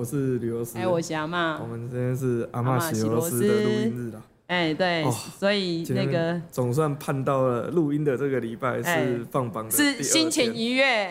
我是鋁螺絲哎，我是阿嬤，我們今天是阿嬤鋁螺絲的錄音日哎、欸，對，oh, 所以那個總算盼到了錄音的這個禮拜是放榜的、欸，是心情愉悅。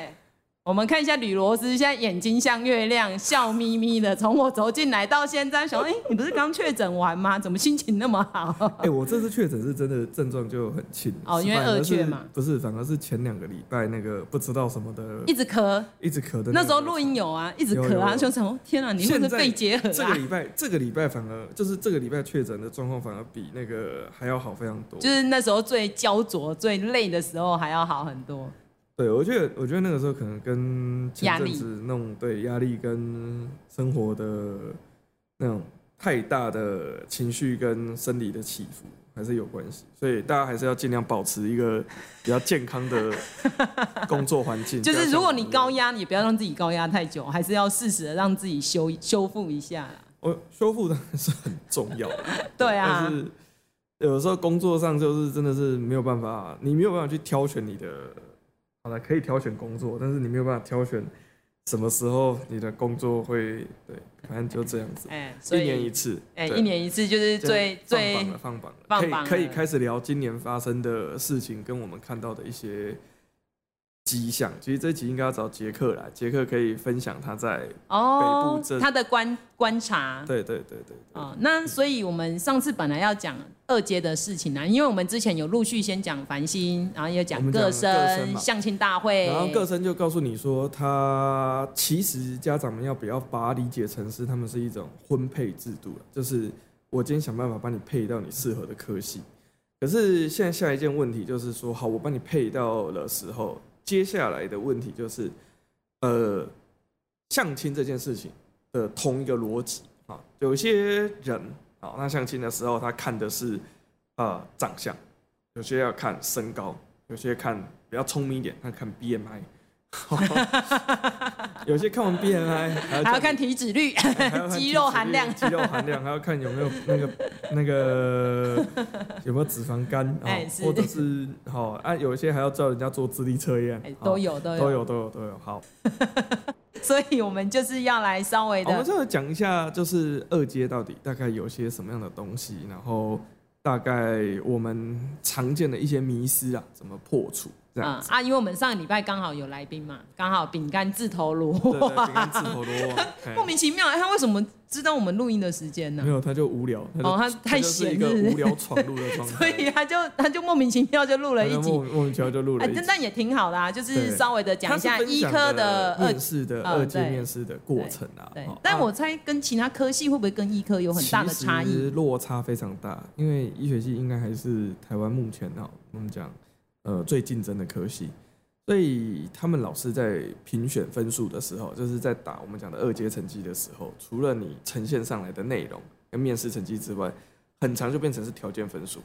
我們看一下鋁螺絲，現在眼睛像月亮，笑眯眯的。從我走進來到現在，想說，哎、欸，你不是剛確診完嗎？怎麼心情那麼好？哎、欸，我這次確診是真的症狀就很輕哦，因為二圈嘛，是不是，反而是前兩個禮拜那個不知道什麼的，一直咳，一直咳的，那個。那時候錄音有啊，一直咳啊，就什麼，天啊，你不是肺結核啊？這個禮拜，這個禮拜反而就是這個禮拜確診的狀況反而比那個還要好非常多，就是那時候最焦灼、最累的時候還要好很多。對，我覺得，我覺得那個時候可能跟前陣子那種壓力，那種對壓力跟生活的那種太大的情緒跟生理的起伏還是有關係，所以大家還是要盡量保持一個比較健康的工作環境。 就是如果你高壓，你也不要讓自己高壓太久，還是要適時的讓自己修修復一下啦。哦，修復當然是很重要。 對啊，就是有時候工作上就是真的是沒有辦法，你沒有辦法去挑選你的。好了，可以挑選工作，但是你沒有辦法挑選什麼時候你的工作會對，反正就這樣子。哎、欸，一年一次。哎、欸，對一年一次就是最最放榜了，放榜了。可以可以開始聊今年發生的事情跟我們看到的一些。吉祥，其實這集應該要找傑克來，傑克可以分享他在北部，哦，他的觀觀察。對對對對。啊，哦嗯，那所以我們上次本來要講二階的事情啊，因為我們之前有陸續先講繁星，然後又講個生相親大會，然後個生就告訴你說，他其實家長們要不要把理解成是他們是一種婚配制度，就是我今天想辦法幫你配到你適合的科系，可是現在下一件問題就是說，好，我幫你配到了時候。接下來的問題就是，呃，相親這件事情的同一個邏輯啊，有些人啊，他相親的時候他看的是，啊，呃，長相，有些要看身高，有些看比較聰明一點，他看 BMI。有些看完 BMI 還要看體脂率、肌肉含量、肌肉含量還要看有沒有那個那個有沒有脂肪肝，哎，或者是好啊，有一些還要叫人家做智力測驗，都有都有都有都有都有。好，所以我們就是要來稍微的，我們就要講一下，就是二階到底大概有些什麼樣的東西，然後大概我們常見的一些迷思啊，怎麼破除。啊啊！因為我們上個禮拜剛好有來賓嘛，剛好餅乾自投羅網，莫名其妙，他為什麼知道我們錄音的時間呢？沒有，他就無聊哦，他太閒，一個無聊闖入的，所以他就他就莫名其妙就錄了一集，莫名其妙就錄了一集，那也挺好的啊，就是稍微的講一下醫科的二次的二階面試的過程啊。對，但我猜跟其他科系會不會跟醫科有很大的差異？落差非常大，因為醫學系應該還是台灣目前哦，我們講。呃，最競爭的科系，所以他們老師在評選分數的時候，就是在打我們講的二階成績的時候，除了你呈現上來的內容跟面試成績之外，很常就變成是條件分數。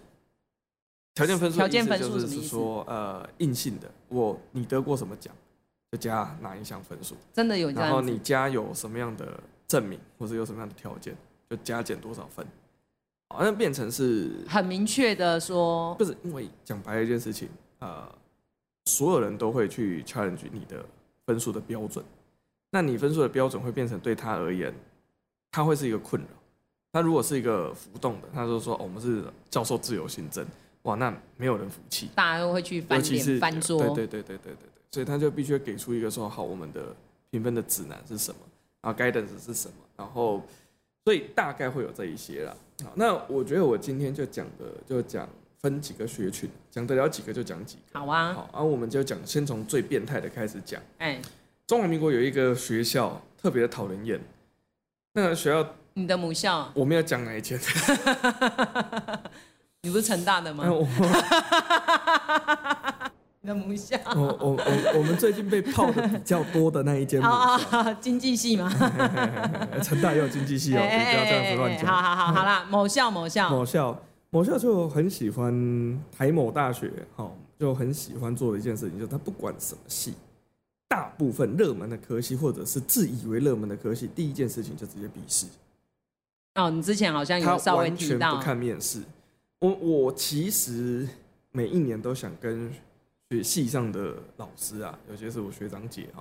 條件分數，條件分數是說，呃，硬性的，我你得過什麼獎，就加哪一項分數。真的有這樣？然後你加有什麼樣的證明，或者有什麼樣的條件，就加減多少分，好像變成是。很明確的說，不是因為講白了一件事情。呃，所有人都會去 challenge 你的分數的標準，那你分數的標準會變成對他而言，他會是一個困擾。他如果是一個浮動的，他就說：“哦，我們是教授自由心證，哇，那沒有人服氣。”大家都會去翻臉翻桌。尤其是，對對對對對對，所以他就必須要給出一個說：“好，我們的評分的指南是什麼？然後 guidance 是什麼？”然後，所以大概會有這一些啦。好，那我覺得我今天就講的就講。分幾個學群，講得了幾個就講幾個。好啊，好啊，我們就講，先從最變態的開始講。哎，中華民國有一個學校特別的討人厭，那個學校。你的母校。我們要講哪一間？你不是成大的嗎？你的母校。我我我我們最近被泡的比較多的那一間。啊，經濟系嗎？成大也有經濟系哦，你不要這樣子亂講。好好好好啦，某校某校某校。我就很喜歡台某大學，就很喜歡做的一件事情，就他不管什麼系，大部分熱門的科系或者是自以為熱門的科系，第一件事情就直接筆試。哦，你之前好像有稍微提到。完全不看面試。我我其實每一年都想跟學系上的老師啊，尤其是我學長姐啊，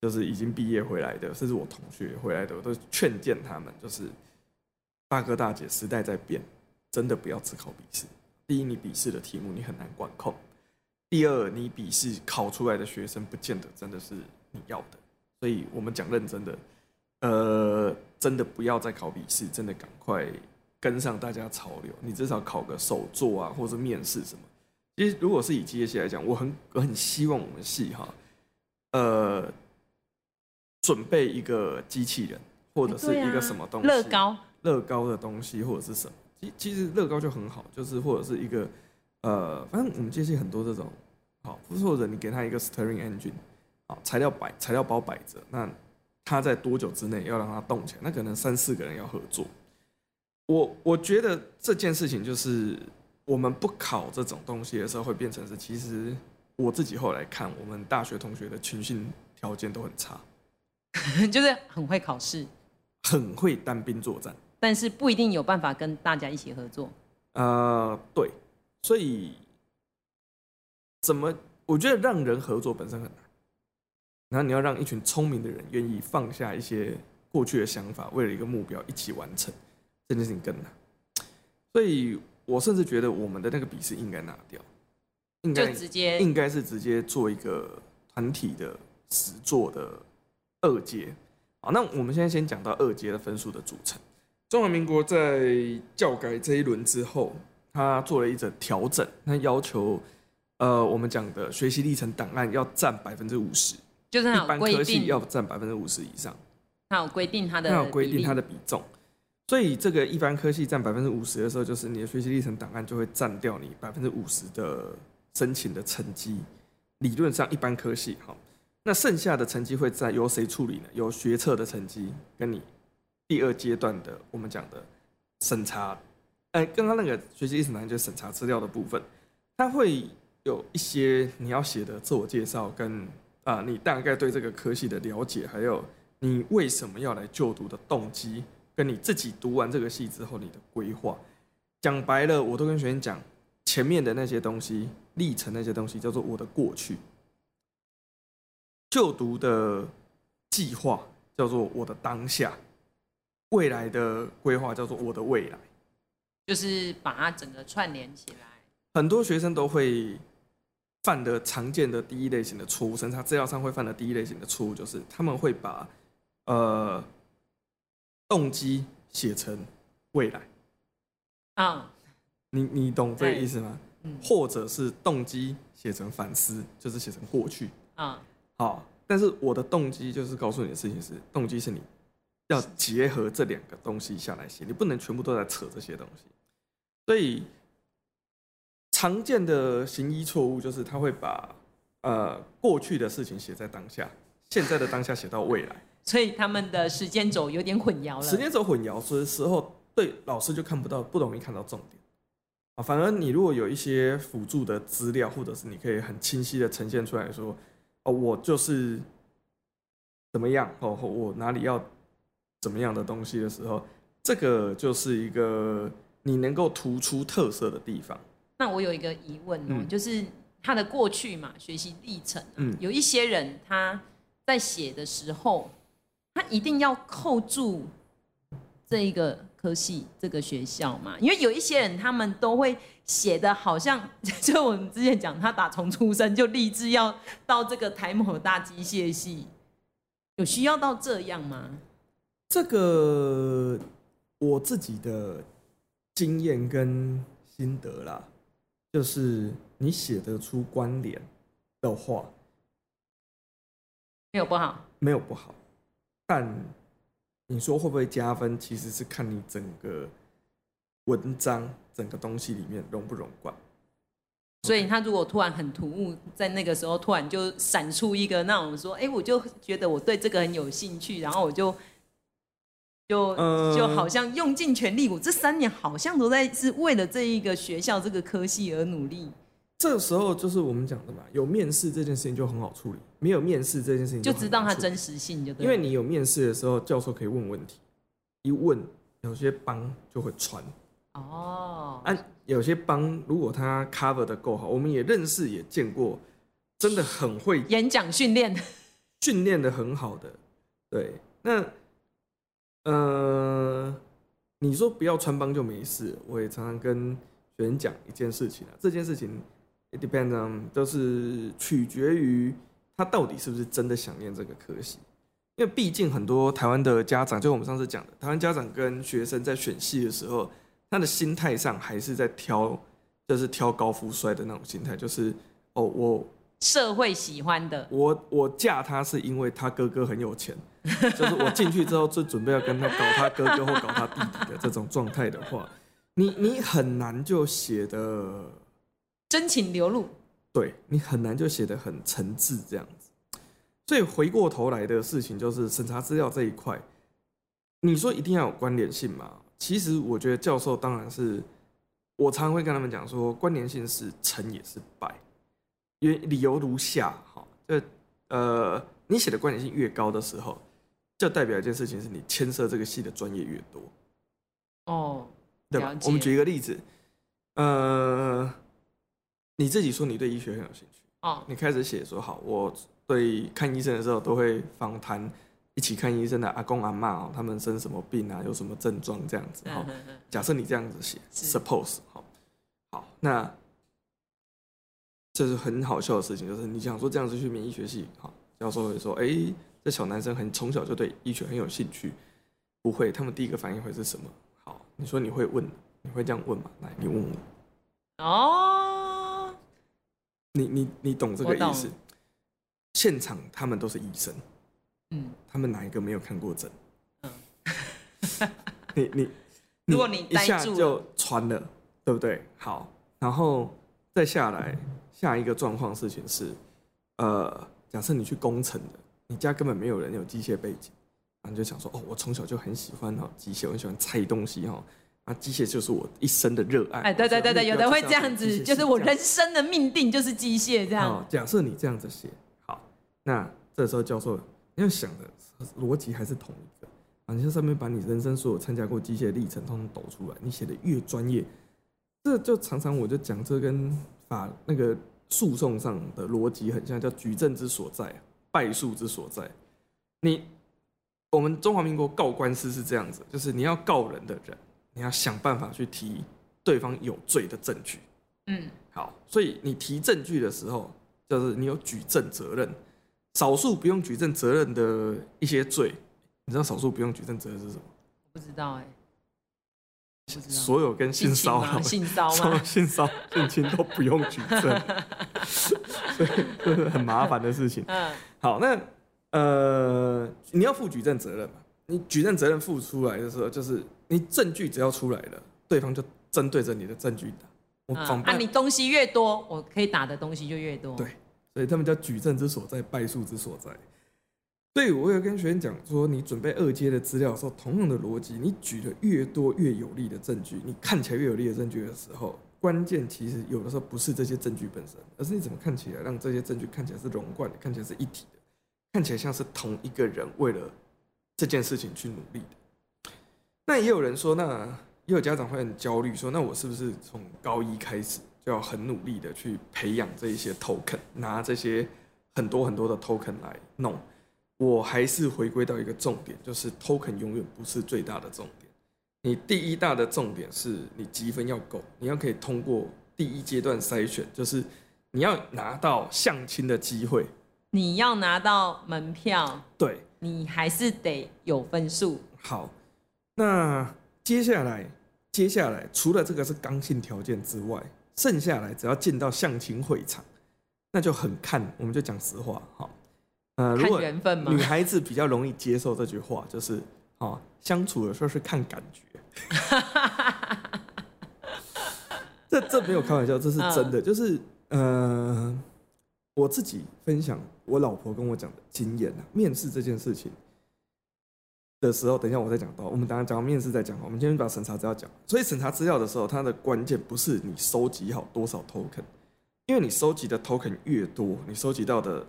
就是已經畢業回來的，甚至我同學回來的，我都勸諫他們，就是大哥大姐，時代在變。真的不要只考筆試。第一，你筆試的題目你很難管控；第二，你筆試考出來的學生不見得真的是你要的。所以，我們講認真的，呃，真的不要再考筆試，真的趕快跟上大家潮流。你至少考個手作啊，或者面試什麼。其實，如果是以機械來講，我很我很希望我們系哈，呃，準備一個機器人，或者是一個什麼東西，對啊，樂高，樂高的東西，或者是什麼。其其實樂高就很好，就是或者是一個，呃，反正我們接觸很多這種，好，或者你給他一個 steering engine，好，材料擺材料包擺着，那他在多久之內要讓他動起來？那可能三四個人要合作。我我覺得這件事情就是我們不考這種東西的時候，會變成是，其實我自己後來看，我們大學同學的群訓條件都很差，就是很會考試，很會單兵作戰。但是不一定有辦法跟大家一起合作。呃，對，所以怎麼我覺得讓人合作本身很難，然後你要讓一群聰明的人願意放下一些過去的想法，為了一個目標一起完成，這件事情更難。所以我甚至覺得我們的那個筆試應該拿掉，應該就直接，應該是直接做一個團體的實作的二階。好，那我們現在先講到二階的分數的組成。中華民國在教改這一輪之後，他做了一整調整。他要求，呃，我們講的學習歷程檔案要佔百分之五十，就是他有規定一般科系要佔百分之五十以上。好，規定它的，要規定他的比重。所以這個一般科系佔百分之五十的時候，就是你的學習歷程檔案就會佔掉你百分之五十的申請的成績。理論上，一般科系好，那剩下的成績會佔由誰處理呢？由學測的成績跟你。第二階段的我們講的審查，哎、呃，剛剛那個學習歷程呢，就是審查資料的部分，它會有一些你要寫的自我介紹，跟啊你大概對這個科系的了解，還有你為什麼要來就讀的動機，跟你自己讀完這個系之後你的規劃。講白了，我都跟學生講，前面的那些東西歷程那些東西叫做我的過去，就讀的計劃叫做我的當下。未來的規劃叫做我的未來，就是把它整個串聯起來。很多學生都會犯的常見的第一類型的錯誤，審查資料上會犯的第一類型的錯誤，就是他們會把呃動機寫成未來。啊，oh，你你懂這個意思嗎？嗯，或者是動機寫成反思，就是寫成過去。啊，oh. 好，但是我的動機就是告訴你的事情是，動機是你。要結合這兩個東西下來寫，你不能全部都在扯這些東西。所以常見的行醫錯誤就是他會把呃過去的事情寫在當下，現在的當下寫到未來，所以他們的時間軸有點混淆了。時間軸混淆，所以時候，對老師就看不到，不容易看到重點啊。反而你如果有一些輔助的資料，或者是你可以很清晰的呈現出來，說哦，我就是怎麼樣哦，我哪裡要。什麼樣的東西的時候，這個就是一個你能夠突出特色的地方。那我有一個疑問啊，嗯、就是他的過去嘛，學習歷程、啊，嗯，有一些人他在寫的時候，他一定要扣住這一個科系、這個學校嘛，因為有一些人他們都會寫的，好像就我們之前講，他打從出生就立志要到這個台某大機械系，有需要到這樣嗎？這個我自己的經驗跟心得啦，就是你寫得出關聯的話，沒有不好，沒有不好。但你說會不會加分，其實是看你整個文章、整個東西裡面融不融貫。所以他如果突然很突兀，在那個時候突然就閃出一個，那我們說，哎，我就覺得我對這個很有興趣，然後我就。就就好像用盡全力我，我這三年好像都在是為了這一個學校這個科系而努力。這時候就是我們講的嘛，有面試這件事情就很好處理，沒有面試這件事情就，就知道它真實性就對。就因為你有面試的時候，教授可以問問題，一問有些幫就會穿哦，oh. 啊，有些幫如果他 cover 得夠好，我們也認識也見過，真的很會演講訓練，訓練得很好的。對，那。嗯、呃，你說不要穿幫就沒事。我也常常跟學生講一件事情啊，這件事情，it depends on，就是取決於他到底是不是真的想念這個科系，因為畢竟很多台灣的家長，就我們上次講的，台灣家長跟學生在選系的時候，他的心態上還是在挑，就是挑高富帥的那種心態，就是哦我。社會喜歡的，我我嫁他是因為他哥哥很有錢，就是我進去之後就準備要跟他搞他哥哥或搞他弟弟的這種狀態的話，你你很難就寫得真情流露，對，你很難就寫得很誠摯這樣子。所以回過頭來的事情就是審查資料這一塊，你說一定要有關聯性嘛？其實我覺得教授當然是，我常會跟他們講說，關聯性是成也是敗。原理由如下，好，這呃，你寫的關聯性越高的時候，就代表一件事情是你牽涉這個系的專業越多哦。了解。對吧。我們舉一個例子，呃，你自己說你對醫學很有興趣哦，你開始寫說好，我對看醫生的時候都會訪談一起看醫生的阿公阿媽哦，他們生什麼病啊，有什麼症狀這樣子哦。嗯、呵呵假設你這樣子寫是，Suppose，好，好，那。這是很好笑的事情，就是你想說這樣子去免疫學系，然後教授會說，哎、欸，這小男生很從小就對醫學很有興趣。不會，他們第一個反應會是什麼？好，你說你會問，你會這樣問嗎？來，你問我。哦，你你你懂這個意思？懂現場他們都是醫生，嗯、他們哪一個沒有看過診？嗯，你 你，你你如果你，你一下就傳了，對不對？好，然後再下來。嗯下一個狀況事情是，呃，假設你去工程的，你家根本沒有人有機械背景，啊，你就想說，哦，我從小就很喜歡哈機械，哦，我很喜歡拆東西哈，哦，啊，機械就是我一生的熱愛。哎、欸，對、對對對，對的有的會這樣子，就是我人生的命定就是機械這樣。哦，假設你這樣子寫，好，那這個、時候教授，你要想的邏輯還是同一個，啊，你就上面把你人生所有參加過機械歷程通通抖出來，你寫的越專業，這就常常我就講這跟。法，把那個訴訟上的邏輯很像，叫舉證之所在，敗訴之所在。你，我們中華民國告官司是這樣子，就是你要告人的人，你要想辦法去提對方有罪的證據。嗯，好，所以你提證據的時候，就是你有舉證責任。少數不用舉證責任的一些罪，你知道少數不用舉證責任是什麼？我不知道哎、欸。所有跟性騷擾、性騷擾、性騷、性侵 都不用舉證， 所以這是很麻煩的事情。好，那呃，你要負舉證責任嘛，你舉證責任付出來的時候，就是你證據只要出來了，對方就針對着你的證據打。便、啊、你東西越多，我可以打的東西就越多。對，所以他們叫舉證之所在，敗訴之所在。所以，我有跟學生講說，你準備二階的資料的時候，同樣的邏輯，你舉的越多越有利的證據，你看起來越有利的證據的時候，關鍵其實有的時候不是這些證據本身，而是你怎麼看起來讓這些證據看起來是融貫的，看起來是一體的，看起來像是同一個人為了這件事情去努力的。那也有人說，那也有家長會很焦慮說，說那我是不是從高一開始就要很努力的去培養這一些 token，拿這些很多很多的 token 來弄？我還是回歸到一個重點，就是 token 永遠不是最大的重點。你第一大的重點是你積分要夠，你要可以通過第一階段篩選，就是你要拿到相親的機會，你要拿到門票，對，你還是得有分數。好，那接下來，接下來除了這個是剛性條件之外，剩下來只要進到相親會場，那就很看，我們就講實話，好。呃，如果女孩子比較容易接受這句話，就是，哦，相處的時候是看感覺 這。這這沒有開玩笑，這是真的。嗯、就是，嗯、呃，我自己分享我老婆跟我講的經驗啊，面試這件事情的時候，等一下我再講到。我們等下講到面試再講，我們今天把審查資料講。所以審查資料的時候，它的關鍵不是你收集好多少 token，因為你收集的 token 越多，你收集到的。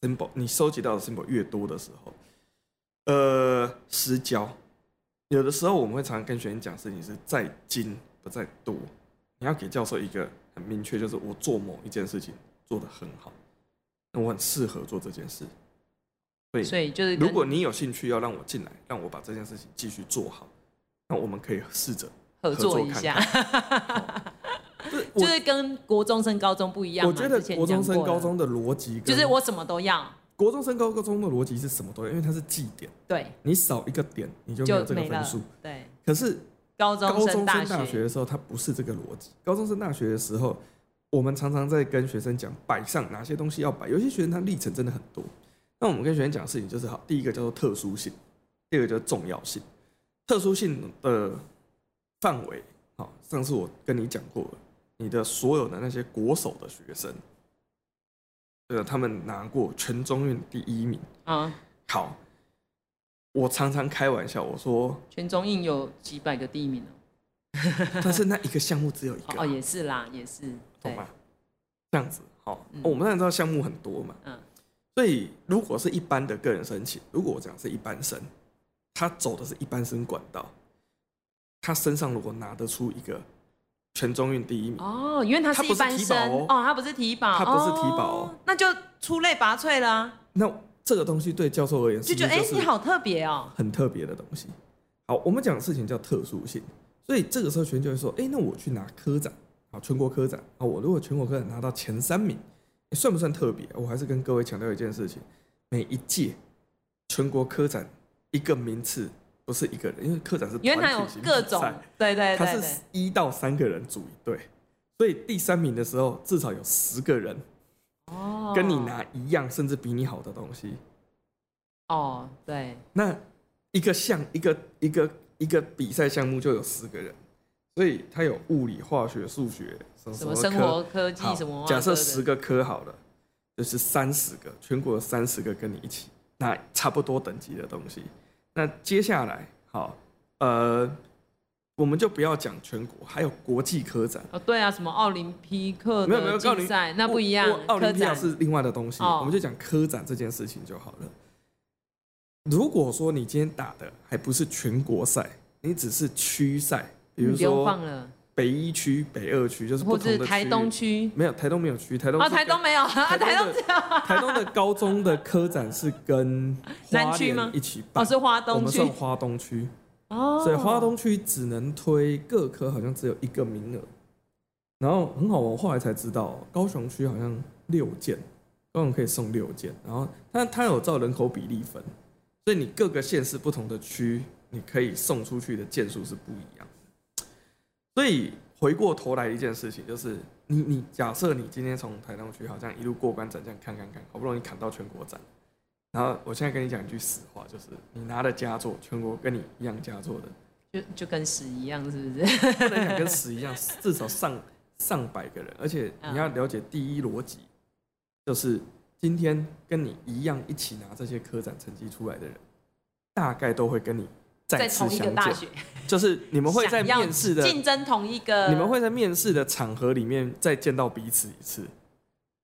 symbol，你收集到的 symbol 越多的時候，呃，私交，有的時候我們會常常跟學生講事情是在精不在多，你要給教授一個很明確，就是我做某一件事情做得很好，那我很適合做這件事，對，所以就是，如果你有興趣要讓我進來，讓我把這件事情繼續做好，那我們可以試着合作看看，合作一下。 哦就是就是跟國中升高中不一樣，我覺得國中升高中的邏輯就是我什麼都要。國中升高中的邏輯是什麼都要，因為它是績點，對，你少一個點你就沒有這個分數，對。可是高中升大學的時候，它不是這個邏輯。高中升大學的時候，我們常常在跟學生講擺上哪些東西要擺。有些學生他歷程真的很多，那我們跟學生講事情就是好，第一個叫做特殊性，第二個叫做重要性。特殊性的範圍，好，上次我跟你講過了。你的所有的那些國手的學生，就是、他們拿過全中運第一名啊。好，我常常開玩笑，我說全中運有幾百個第一名哦， 但是那一個項目只有一個、啊、哦，哦，也是啦，也是對嗎？這樣子好、嗯哦。我們當然知道項目很多嘛，嗯，所以如果是一般的個人申請，如果我講是一般生，他走的是一般生管道，他身上如果拿得出一個。全中運第一名哦，因為他是一般生，他不是、喔、哦，他不是體保，他不是體保、喔哦，那就出類拔萃了。那這個東西對教授而言，就覺得哎，你好特別哦，很特別的東西。好，我們講的事情叫特殊性，所以這個時候全就會說，哎、欸，那我去拿科展啊，全國科展啊，我如果全國科展拿到前三名，算不算特別？我還是跟各位強調一件事情，每一屆全國科展一個名次，不是一個人，因為科展是團體型比賽，他對，對對對，它是一到三個人組一隊，所以第三名的時候至少有十個人跟你拿一樣甚至比你好的東西哦，對，那一個項一個一個一個比賽項目就有十個人，所以它有物理、化學、數學什麼什麼科，什麼生活科技好，什麼，假設十個科好了，就是三十個全國三十個跟你一起拿差不多等級的東西。那接下來，好，呃，我們就不要講全國，還有國際科展啊、哦，對啊，什麼奧林匹克沒有沒有比賽，奧林那不一樣，我展奧林匹克是另外的東西，展我們就講科展這件事情就好了。哦、如果說你今天打的還不是全國賽，你只是區賽，比如說。北一區、北二區就是不同的，或者台東區沒有台東沒有區，台東啊台東沒有，台東的台東，只有 台東的高中的科展，是跟南區嗎一起辦？哦、是花東區，我們是花東區哦，所以花東區只能推各科，好像只有一個名額。然後很好，我後來才知道高雄區好像六件，高雄可以送六件。然後那它，它有照人口比例分，所以你各個縣市不同的區，你可以送出去的件數是不一樣。所以回過頭來一件事情，就是你你假設你今天從台中區好像一路過關斬將，這樣看，看看看，好不容易砍到全國展，然後我現在跟你講一句實話，就是你拿的佳作，全國跟你一樣佳作的，就就跟屎一樣，是不是？想跟屎一樣，至少上上百個人，而且你要了解第一邏輯，就是今天跟你一樣一起拿這些科展成績出來的人，大概都會跟你。在同一個大學，就是你們會在面試的競爭同一個，你們會在面試的場合裡面再見到彼此一次，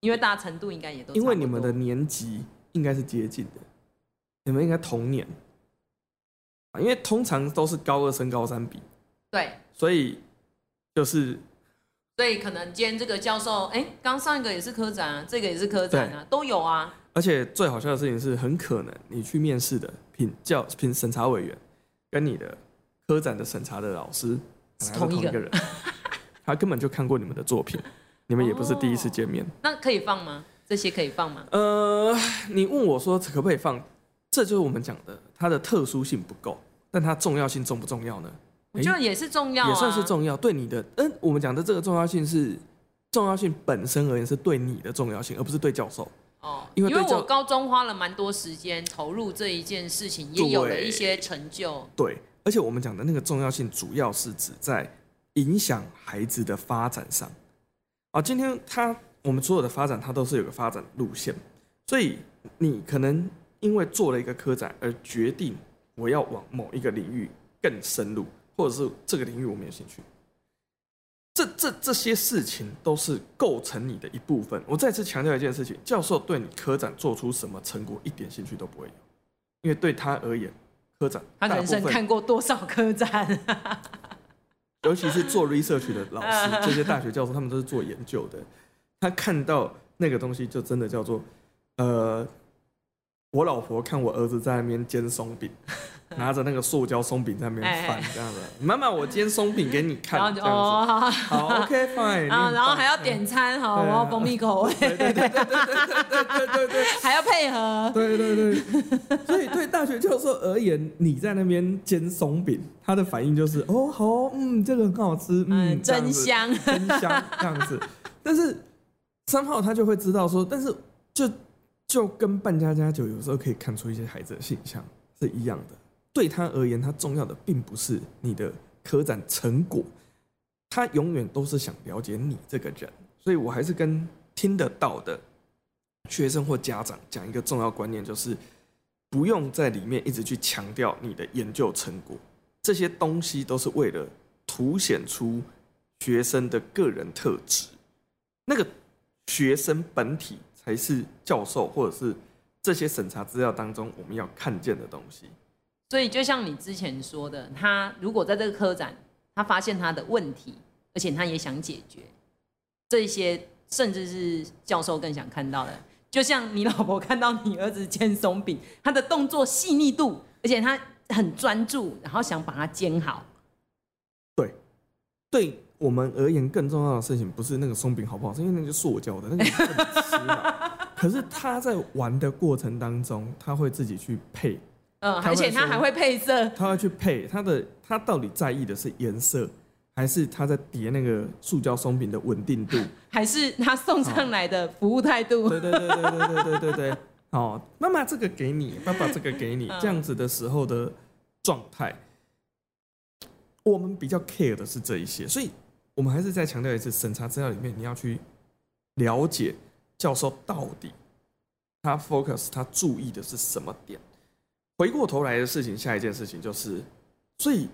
因為大家程度應該也都因為你們的年級應該是接近的，你們應該同年，因為通常都是高二升高三比，對，所以就是，所以可能今天這個教授，哎、欸，剛上一個也是科展，啊，這個也是科展啊，對都有啊，而且最好笑的事情是，很可能你去面試的品教品審查委員。跟你的科展的審查的老師是同一個人，他根本就看過你們的作品，你們也不是第一次見面。那可以放嗎？這些可以放嗎？呃，你問我說可不可以放，這就是我們講的，它的特殊性不夠，但它重要性重不重要呢？我覺得也是重要，也算是重要，對你的。嗯，我們講的這個重要性是重要性本身而言是對你的重要性，而不是對教授。哦，因為因為我高中花了蠻多時間投入這一件事情，也有了一些成就。對，對，而且我們講的那個重要性，主要是指在影響孩子的發展上。啊，今天他我們所有的發展，它都是有個發展路線，所以你可能因為做了一個科展而決定我要往某一個領域更深入，或者是這個領域我沒有興趣。這這這些事情都是構成你的一部分。我再次強調一件事情：教授對你科長做出什麼成果一點興趣都不會有，因為對他而言，科長他人生看過多少科長，尤其是做 research 的老師，這些大學教授他們都是做研究的，他看到那個東西就真的叫做，呃，我老婆看我兒子在那邊煎鬆餅。拿着那個塑膠鬆餅在那邊翻，這樣子。媽媽，我煎鬆餅給你看，哦，好好，OK，Fine。啊，然後還要點餐，好，蜂蜜口味。對對對對對對對對對，還要配合。對對對。所以對大學教授而言，你在那邊煎鬆餅，他的反應就是哦，好，嗯，這個很好吃，嗯，真香，真香，這樣子。但是三號他就會知道說，但是就就跟扮家家酒有時候可以看出一些孩子的形象是一樣的。對他而言，他重要的並不是你的科展成果，他永遠都是想了解你這個人。所以我還是跟聽得到的學生或家長講一個重要觀念，就是不用在裡面一直去強調你的研究成果，這些東西都是為了凸顯出學生的個人特質。那個學生本體才是教授或者是這些審查資料當中我們要看見的東西。所以，就像你之前說的，他如果在這個科展，他發現他的問題，而且他也想解決這些，甚至是教授更想看到的。就像你老婆看到你兒子煎鬆餅，他的動作細膩度，而且他很專注，然後想把它煎好。對，對我們而言更重要的事情，不是那個鬆餅好不好吃，因為那是塑膠的，那更 可是他在玩的過程當中，他會自己去配。嗯，而且他還會配色，他會去配他的，他到底在意的是顏色，還是他在疊那個塑膠鬆餅的穩定度，還是他送上來的服務態度？對對對對對對對對對。哦， 媽媽這個給你，爸爸這個給你，這樣子的時候的狀態，好我們比較 care 的是這一些，所以我們還是再強調一次，審查資料裡面你要去了解教授到底他 focus 他注意的是什麼點。回過頭來的事情，下一件事情就是，所以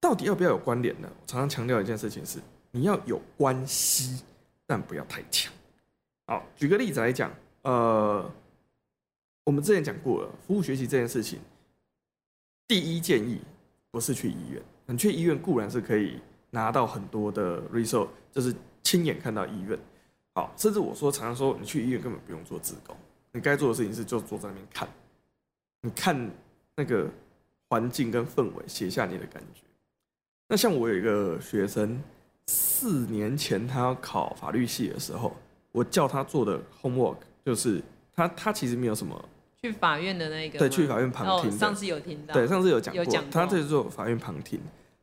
到底要不要有關聯呢？我常常強調一件事情是，你要有關係，但不要太強。好，舉個例子來講，呃，我們之前講過了，服務學習這件事情，第一建議不是去醫院。你去醫院固然是可以拿到很多的 result 就是親眼看到醫院。好，甚至我說常常說，你去醫院根本不用做志工，你該做的事情是就坐在那邊看。你看那個環境跟氛圍，寫下你的感覺。那像我有一個學生，四年前他要考法律系的時候，我叫他做的 homework 就是他他其實沒有什麼，去法院的那個，對，去法院旁聽、哦、上次有聽到，對，上次有講過，有講過他就做法院旁聽。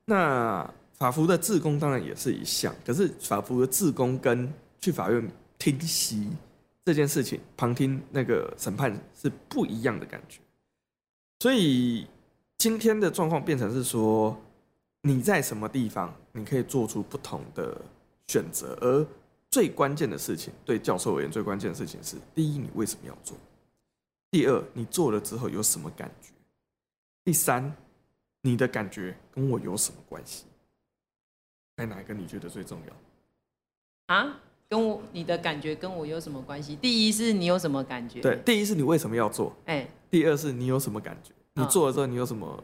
那法服的志工當然也是一項，可是法服的志工跟去法院聽席這件事情旁聽那個審判是不一樣的感覺。所以今天的狀況變成是說，你在什麼地方，你可以做出不同的選擇。而最關鍵的事情，對教授而言，最關鍵的事情是：第一，你為什麼要做；第二，你做了之後有什麼感覺；第三，你的感覺跟我有什麼關係？在哪一個你覺得最重要？啊，跟我你的感覺跟我有什麼關係？第一是你有什麼感覺？對，第一是你為什麼要做？哎。第二是你有什麼感覺？你做了之後你有什麼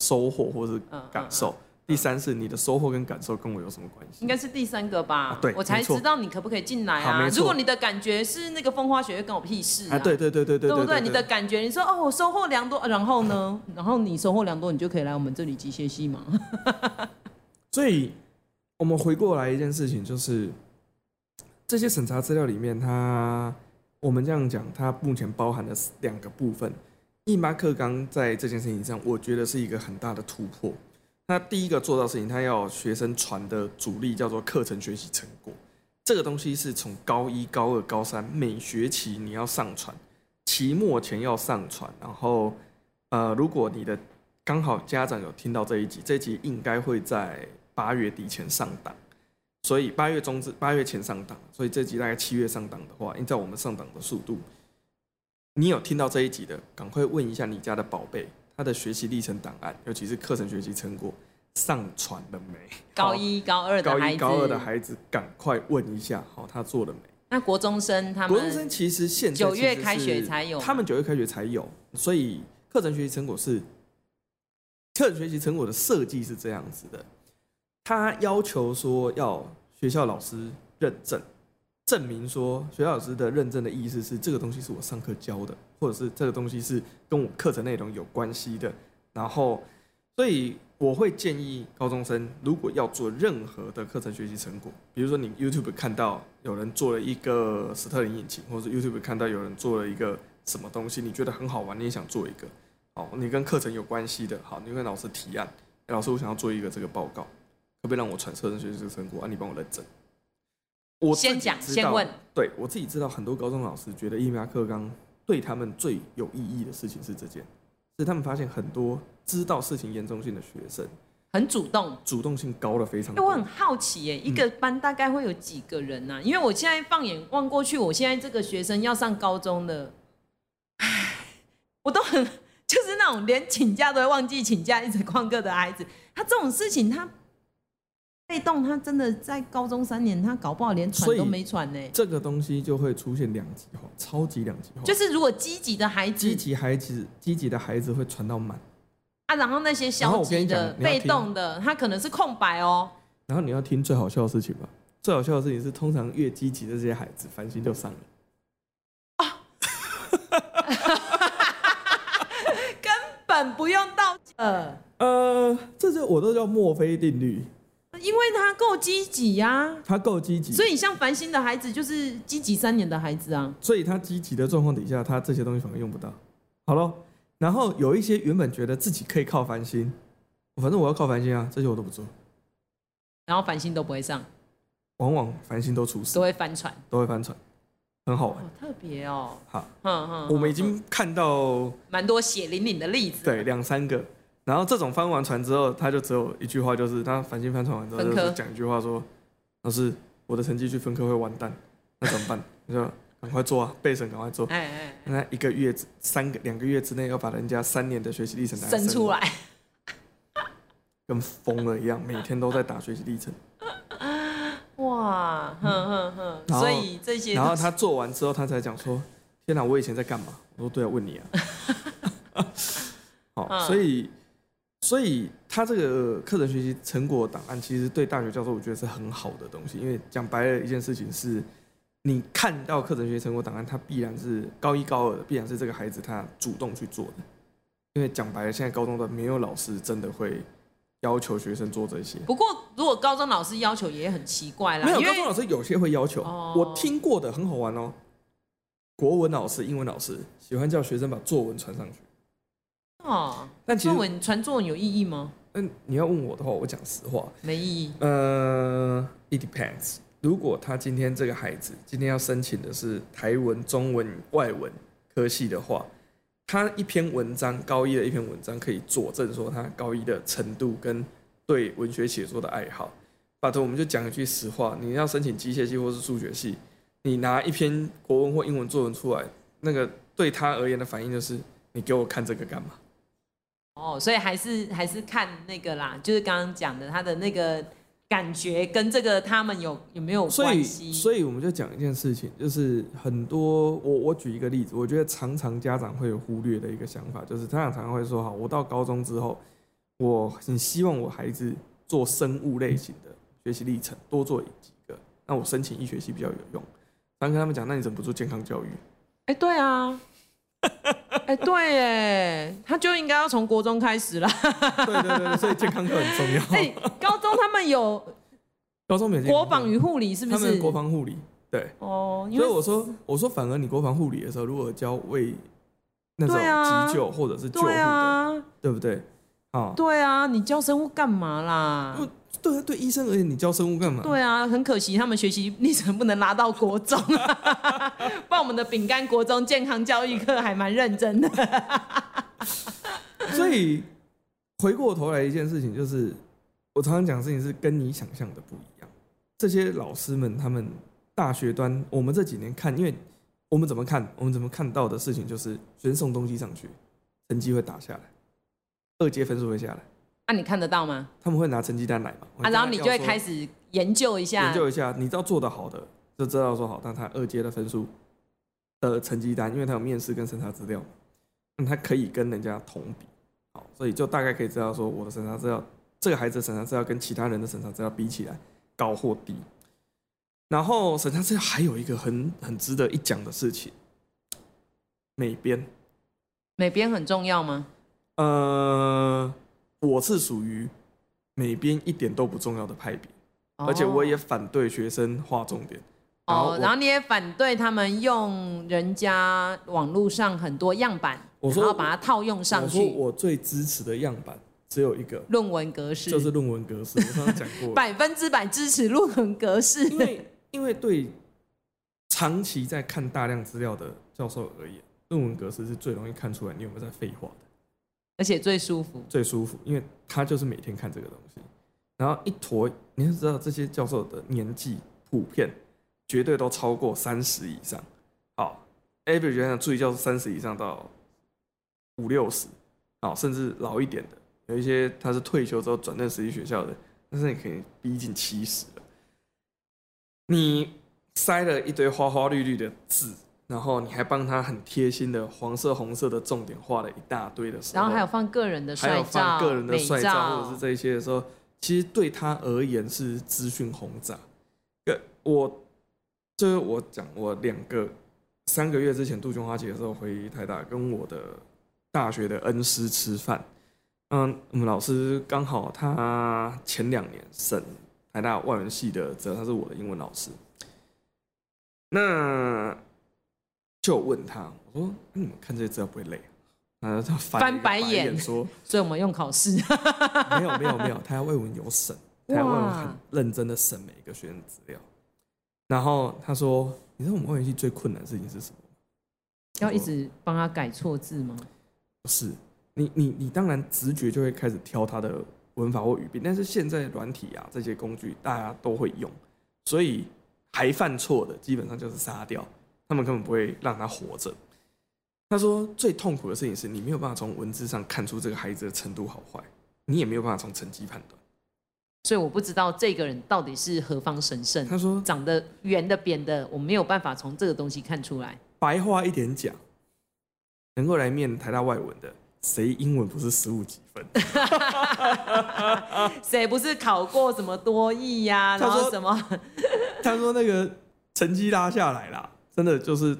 收穫或者是感受？Uh, uh, uh, uh. 第三是你的收穫跟感受跟我有什麼關係？應該是第三個吧？啊、對，我才知道你可不可以進來啊？沒錯。如果你的感覺是那個風花雪月跟我屁事啊,啊？對對對對對,對,對,對，對不對？你的感覺，你說哦我收穫良多，然後呢？啊、然後你收穫良多，你就可以來我們這裡機械系嘛？ 所以，我們回過來一件事情就是，這些審查資料裡面它。我們這樣講，它目前包含了兩個部分。108課綱在這件事情上，我覺得是一個很大的突破。那第一個做到的事情，它要學生傳的主力叫做課程學習成果，這個東西是從高一、高二、高三每學期你要上傳，期末前要上傳。然後，呃，如果你的剛好家長有聽到這一集，這一集應該會在八月底前上檔。所以八月中至八月前上檔，所以這集大概七月上檔的話，依照我們上檔的速度，你有聽到這一集的，趕快問一下你家的寶貝，他的學習歷程檔案，尤其是課程學習成果上傳了沒？高一、高二的孩子，高一、高二的孩子，趕快問一下，好，他做了沒？那國中生他們，國中生其實現在九月開學才有，他們九月開學才有，所以課程學習成果是，課程學習成果的設計是這樣子的。他要求說要學校老師認證，證明說學校老師的認證的意思是這個東西是我上課教的，或者是這個東西是跟我課程內容有關係的。然後，所以我會建議高中生如果要做任何的課程學習成果，比如說你 YouTube 看到有人做了一個史特林引擎，或者 YouTube 看到有人做了一個什麼東西，你覺得很好玩，你也想做一個，好，你跟課程有關係的，好，你跟老師提案，老師我想要做一個這個報告。可不可以讓我揣測學習這個成果？啊，你幫我來整，我先講，先問。對我自己知道，知道很多高中老師覺得一零八課綱對他們最有意義的事情是這件，是他們發現很多知道事情嚴重性的學生很主動，主動性高得非常。因為我很好奇耶，一個班大概會有幾個人吶、啊？嗯、因為我現在放眼望過去，我現在這個學生要上高中的，唉，我都很就是那種連請假都會忘記請假，一直曠課的孩子。他這種事情，他。被動他真的在高中三年，他搞不好連傳都沒傳呢。這個東西就會出現兩極化，超級兩極化。就是如果積極的孩子，積極孩子，積極的孩子會傳到滿啊，然後那些消極的、被動的，他可能是空白哦。然後你要聽最好笑的事情吧？最好笑的事情是，通常越積極的這些孩子，繁星就上了、哦、 根本不用道歉。呃，這些我都叫墨菲定律。因為他夠積極呀、啊，他夠積極，所以像繁星的孩子就是積極三年的孩子啊。所以他積極的狀況底下，他這些東西反而用不到。好嘍，然後有一些原本覺得自己可以靠繁星，反正我要靠繁星啊，這些我都不做。然後繁星都不會上，往往繁星都出事，都會翻船，都會翻船，很好玩，哦、特別哦。好，哼哼哼，我們已經看到蠻多血淋淋的例子，對，兩三個。然後這種翻完船之後，他就只有一句話，就是他繁星翻船完之後，講一句話說：“科老師，我的成績去分科會完蛋，那怎麼辦？”他說：“趕快做啊，備審趕快做。哎哎”那一個月、三個、兩個月之內要把人家三年的學習歷程生出來， 跟瘋了一樣，每天都在打學習歷程。哇，哼哼哼！所以這些然，然後他做完之後，他才講說：“天哪、啊，我以前在幹嘛？”我說：“對啊，問你啊。 ”好，嗯、所以。所以，他這個課程學習成果檔案其實對大學教授，我覺得是很好的東西。因為講白了一件事情是，你看到課程學習成果檔案，它必然是高一高二的，必然是這個孩子他主動去做的。因為講白了，現在高中的沒有老師真的會要求學生做這些。不過，如果高中老師要求也很奇怪啦。沒有，高中老師有些會要求。因為…我聽過的很好玩哦，國文老師、英文老師喜歡叫學生把作文傳上去。哦，那中文，傳作文有意義嗎？你要問我的話，我講實話，沒意義。呃，it depends。如果他今天這個孩子今天要申請的是台文、中文、外文科系的話，他一篇文章，高一的一篇文章，可以佐證說他高一的程度跟對文學寫作的愛好。反正我們就講一句實話，你要申請機械系或是數學系，你拿一篇國文或英文作文出來，那個對他而言的反應就是，你給我看這個幹嘛？哦，oh, 所以還是還是看那個啦，就是剛剛講的他的那個感覺跟這個他們有有沒有關係？所以我們就講一件事情，就是很多我我舉一個例子，我覺得常常家長會有忽略的一個想法，就是家長常常會說：“哈，我到高中之後，我很希望我孩子做生物類型的學習歷程多做幾個，那我申請醫學系比較有用。”常跟他們講，那你怎麼不做健康教育？哎、欸，對啊。哎、 欸，對，哎，他就應該要從國中開始啦。 對對對，所以健康課很重要。哎、 欸，高中他們有高中國防與護理，是不是？他們國防護理，對。哦，所以我說，我說，反而你國防護理的時候，如果教為那種急救或者是救護，對不對？啊，對啊，對對嗯、對啊，你教生物幹嘛啦？對啊，對醫生而言、欸，你教生物幹嘛？對啊，很可惜，他們學習歷程不能拿到國中、啊。 不然我們的餅乾國中健康教育課還蠻認真的。 所以回過頭來，一件事情就是，我常常講的事情是跟你想象的不一樣。這些老師們，他們大學端，我們這幾年看，因為我們怎麼看，我們怎麼看到的事情就是，全送東西上去，成績會打下來，二階分數會下來。那、啊、你看得到嗎？他們會拿成績單來嗎？啊、然後你就會開始研究一下，研究一下，你知道做得好的就知道說好，但他二階的分數的、呃、成績單，因為他有面試跟審查資料，那、嗯、他可以跟人家同比，好，所以就大概可以知道說我的審查資料，這個孩子的審查資料跟其他人的審查資料比起來高或低。然後審查資料還有一個很很值得一講的事情，美編。美編很重要嗎？呃。我是屬於每邊一點都不重要的派別，哦、而且我也反對學生劃重點。哦，然後，然後你也反對他們用人家網絡上很多樣板，我說我然後把它套用上去。我說我最支持的樣板只有一個，論文格式，就是論文格式。我剛剛講過， 百分之百支持論文格式，因為因為對長期在看大量資料的教授而言，論文格式是最容易看出來你有沒有在廢話。而且最舒服，最舒服，因為他就是每天看這個東西，然後一坨，你就知道這些教授的年紀普遍絕對都超過三十以上，好 average 注意，最教三十以上到五六十，oh, 甚至老一點的，有一些他是退休之後轉任私立學校的，但是你可以逼近七十了，你塞了一堆花花綠綠的紙。然後你還幫他很貼心的黃色、紅色的重點畫了一大堆的，然後還有放個人的，還有放個人的帥照，照或者是這一些的時候，其實對他而言是資訊轟炸。我，就是我講我兩個三個月之前杜鵑花節的時候回台大，跟我的大學的恩師吃飯。嗯，我們老師剛好他前兩年升台大外文系的，主要他是我的英文老師。那就問他，我說：“們、嗯、看這字，資料不會累、啊？”那他就反白說翻白眼說：“所以我們用考試。 沒”沒有沒有沒有，他要為我們審，他要為我很認真的審每一個學生資料。哇然後他說：“你知道我們外文系最困難的事情是什麼？要一直幫他改錯字嗎？”不是，你你你，你當然直覺就會開始挑他的文法或語病，但是現在軟體啊，這些工具大家都會用，所以還犯錯的基本上就是殺掉。他們根本不會讓他活着。他說：“最痛苦的事情是你沒有辦法從文字上看出這個孩子的程度好壞，你也沒有辦法從成績判斷，所以我不知道這個人到底是何方神聖。”他說：“長得圓的、扁的，我沒有辦法從這個東西看出來。”白話一點講，能夠來面台大外文的，誰英文不是十五幾分？誰 不是考過什麼多益呀、啊？然後什麼？他說：“他說那個成績拉下來了。”真的就是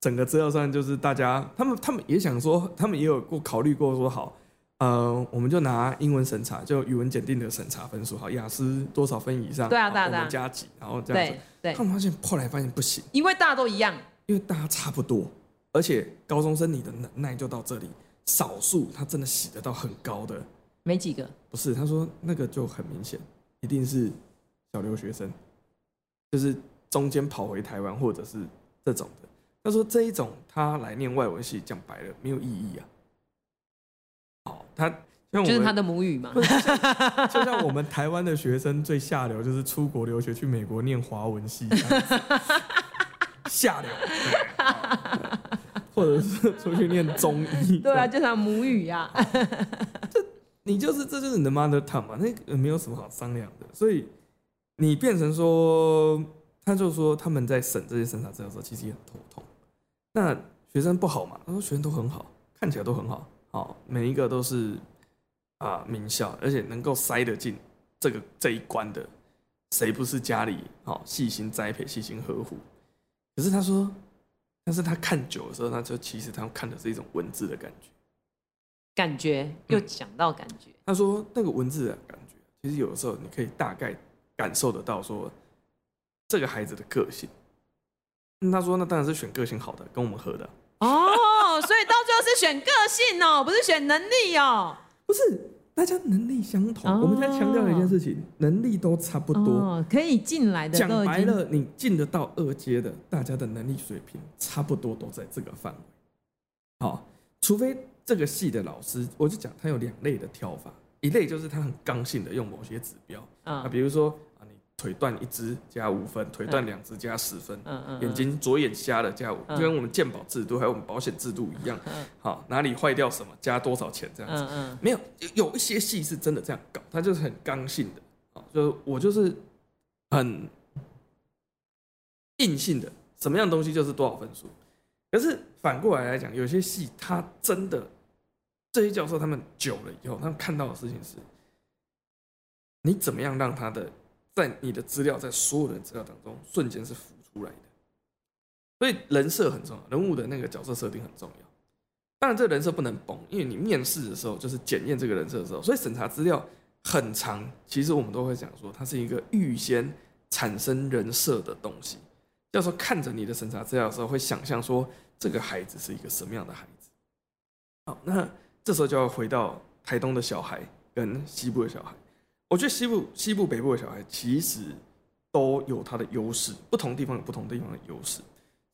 整個資料上，就是大家他們他們也想說，他們也有過考慮過說好，呃，我們就拿英文審查，就語文檢定的審查分數，好，雅思多少分以上，對啊，大家好、啊、加級，啊、然後這樣子，對，對他們發現後來發現不行，因為大家都一樣，因為大家差不多，而且高中生你的能耐就到這裡，少數他真的寫得到很高的，沒幾個，不是，他說那個就很明顯，一定是小留學生，就是中間跑回台灣或者是。這種的，他，就是、說這一種他來念外文系，講白了沒有意義啊。好，他就是他的母語嘛，就像我們台灣的學生最下流，就是出國留學去美國念華文系， 下流對對，或者是出去念中醫， 對啊，就像母語呀、啊。你就是這就是你的 mother tongue 嘛，那個沒有什麼好商量的，所以你變成說。他就說他們在審這些審查資料的時候，其實也很頭痛。那學生不好嘛？他說學生都很好，看起來都很好，好，每一個都是啊名校，而且能夠塞得進這個這一關的，誰不是家裡好、啊、細心栽培、細心呵護？可是他說，但是他看久的時候，他就其實他看的是一種文字的感覺，感覺又講到感覺、嗯。他說那個文字的感覺，其實有的時候你可以大概感受得到說。這個孩子的個性，嗯，他說：“那當然是選個性好的，跟我們合的哦。Oh, 所以到最後是選個性哦，不是選能力哦。不是，大家能力相同，oh. 我們在強調一件事情，能力都差不多，oh, 可以進來的。講白了，你進得到二階的，大家的能力水平差不多都在這個範圍。好，除非這個系的老師，我就講他有兩類的挑法，一類就是他很剛性的用某些指標啊，oh. 那比如說。”腿斷一隻加五分，腿斷兩隻加十分。嗯嗯嗯、眼睛左眼瞎了加五，就、嗯嗯、跟我們健保制度還有我們保險制度一樣。嗯嗯、好，哪裡壞掉什麼加多少錢這樣子。嗯嗯、沒有，有一些系是真的這樣搞，它就是很剛性的。啊，就我就是很硬性的，什麼樣的東西就是多少分數。可是反過來來講，有些系它真的，這些教授他們久了以後，他們看到的事情是，你怎麼樣讓他的。在你的資料，在所有人的資料當中，瞬間是浮出來的，所以人設很重要，人物的那個角色設定很重要。當然，這個人設不能崩，因為你面試的時候就是檢驗這個人設的時候，所以審查資料很長。其實我們都會講說，它是一個預先產生人設的東西，教授看着你的審查資料的時候，會想象說這個孩子是一個什麼樣的孩子。好，那這時候就要回到台東的小孩跟西部的小孩，我覺得西部、西部北部的小孩其實都有他的優勢，不同地方有不同地方的優勢。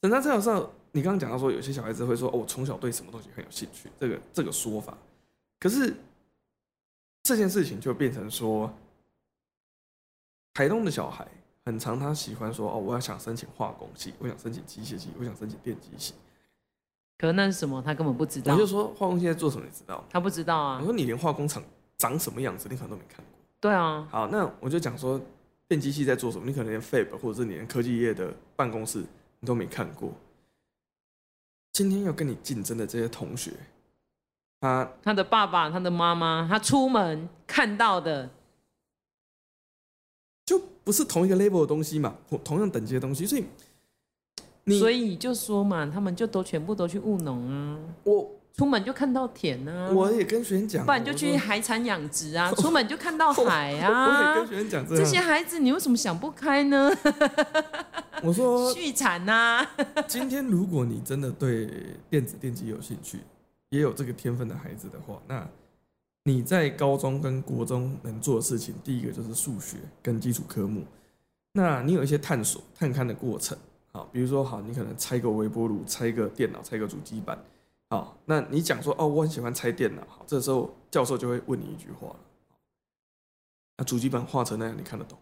陳嘉正老師，你剛剛講到說，有些小孩子會說：“哦、我從小對什麼東西很有興趣。”這個這個說法，可是這件事情就變成說，台東的小孩很常他喜歡說：“哦，我要想申請化工系，我想申請機械系，我想申請電機系。”可那是什麼？他根本不知道。你就說化工系在做什麼，你知道？他不知道啊。我說你連化工廠長什麼樣子，你可能都沒看過。對啊，好，那我就講說，電機系在做什麼？你可能連 Fab 或者是你連科技業的辦公室你都沒看過。今天要跟你競爭的這些同學，他他的爸爸、他的媽媽，他出門看到的，就不是同一個 label 的東西嘛，同樣等級的東西，所以你所以就說嘛，他們就都全部都去務農啊，我。出門就看到田啊！我也跟學生講，不然就去海產養殖啊！說出門就看到海啊！ 我，我也跟學生講，這些孩子你為什麼想不開呢？ 我說，畜產啊！ 今天如果你真的對電子電機有興趣，也有這個天分的孩子的話，那你在高中跟國中能做的事情，第一個就是數學跟基礎科目。那你有一些探索、探勘的過程，好，比如說，好，你可能拆個微波爐，拆個電腦，拆個主機板。好，那你講說哦，我很喜歡拆電腦。好，這個時候教授就會問你一句話，那主機板畫成那樣，你看得懂？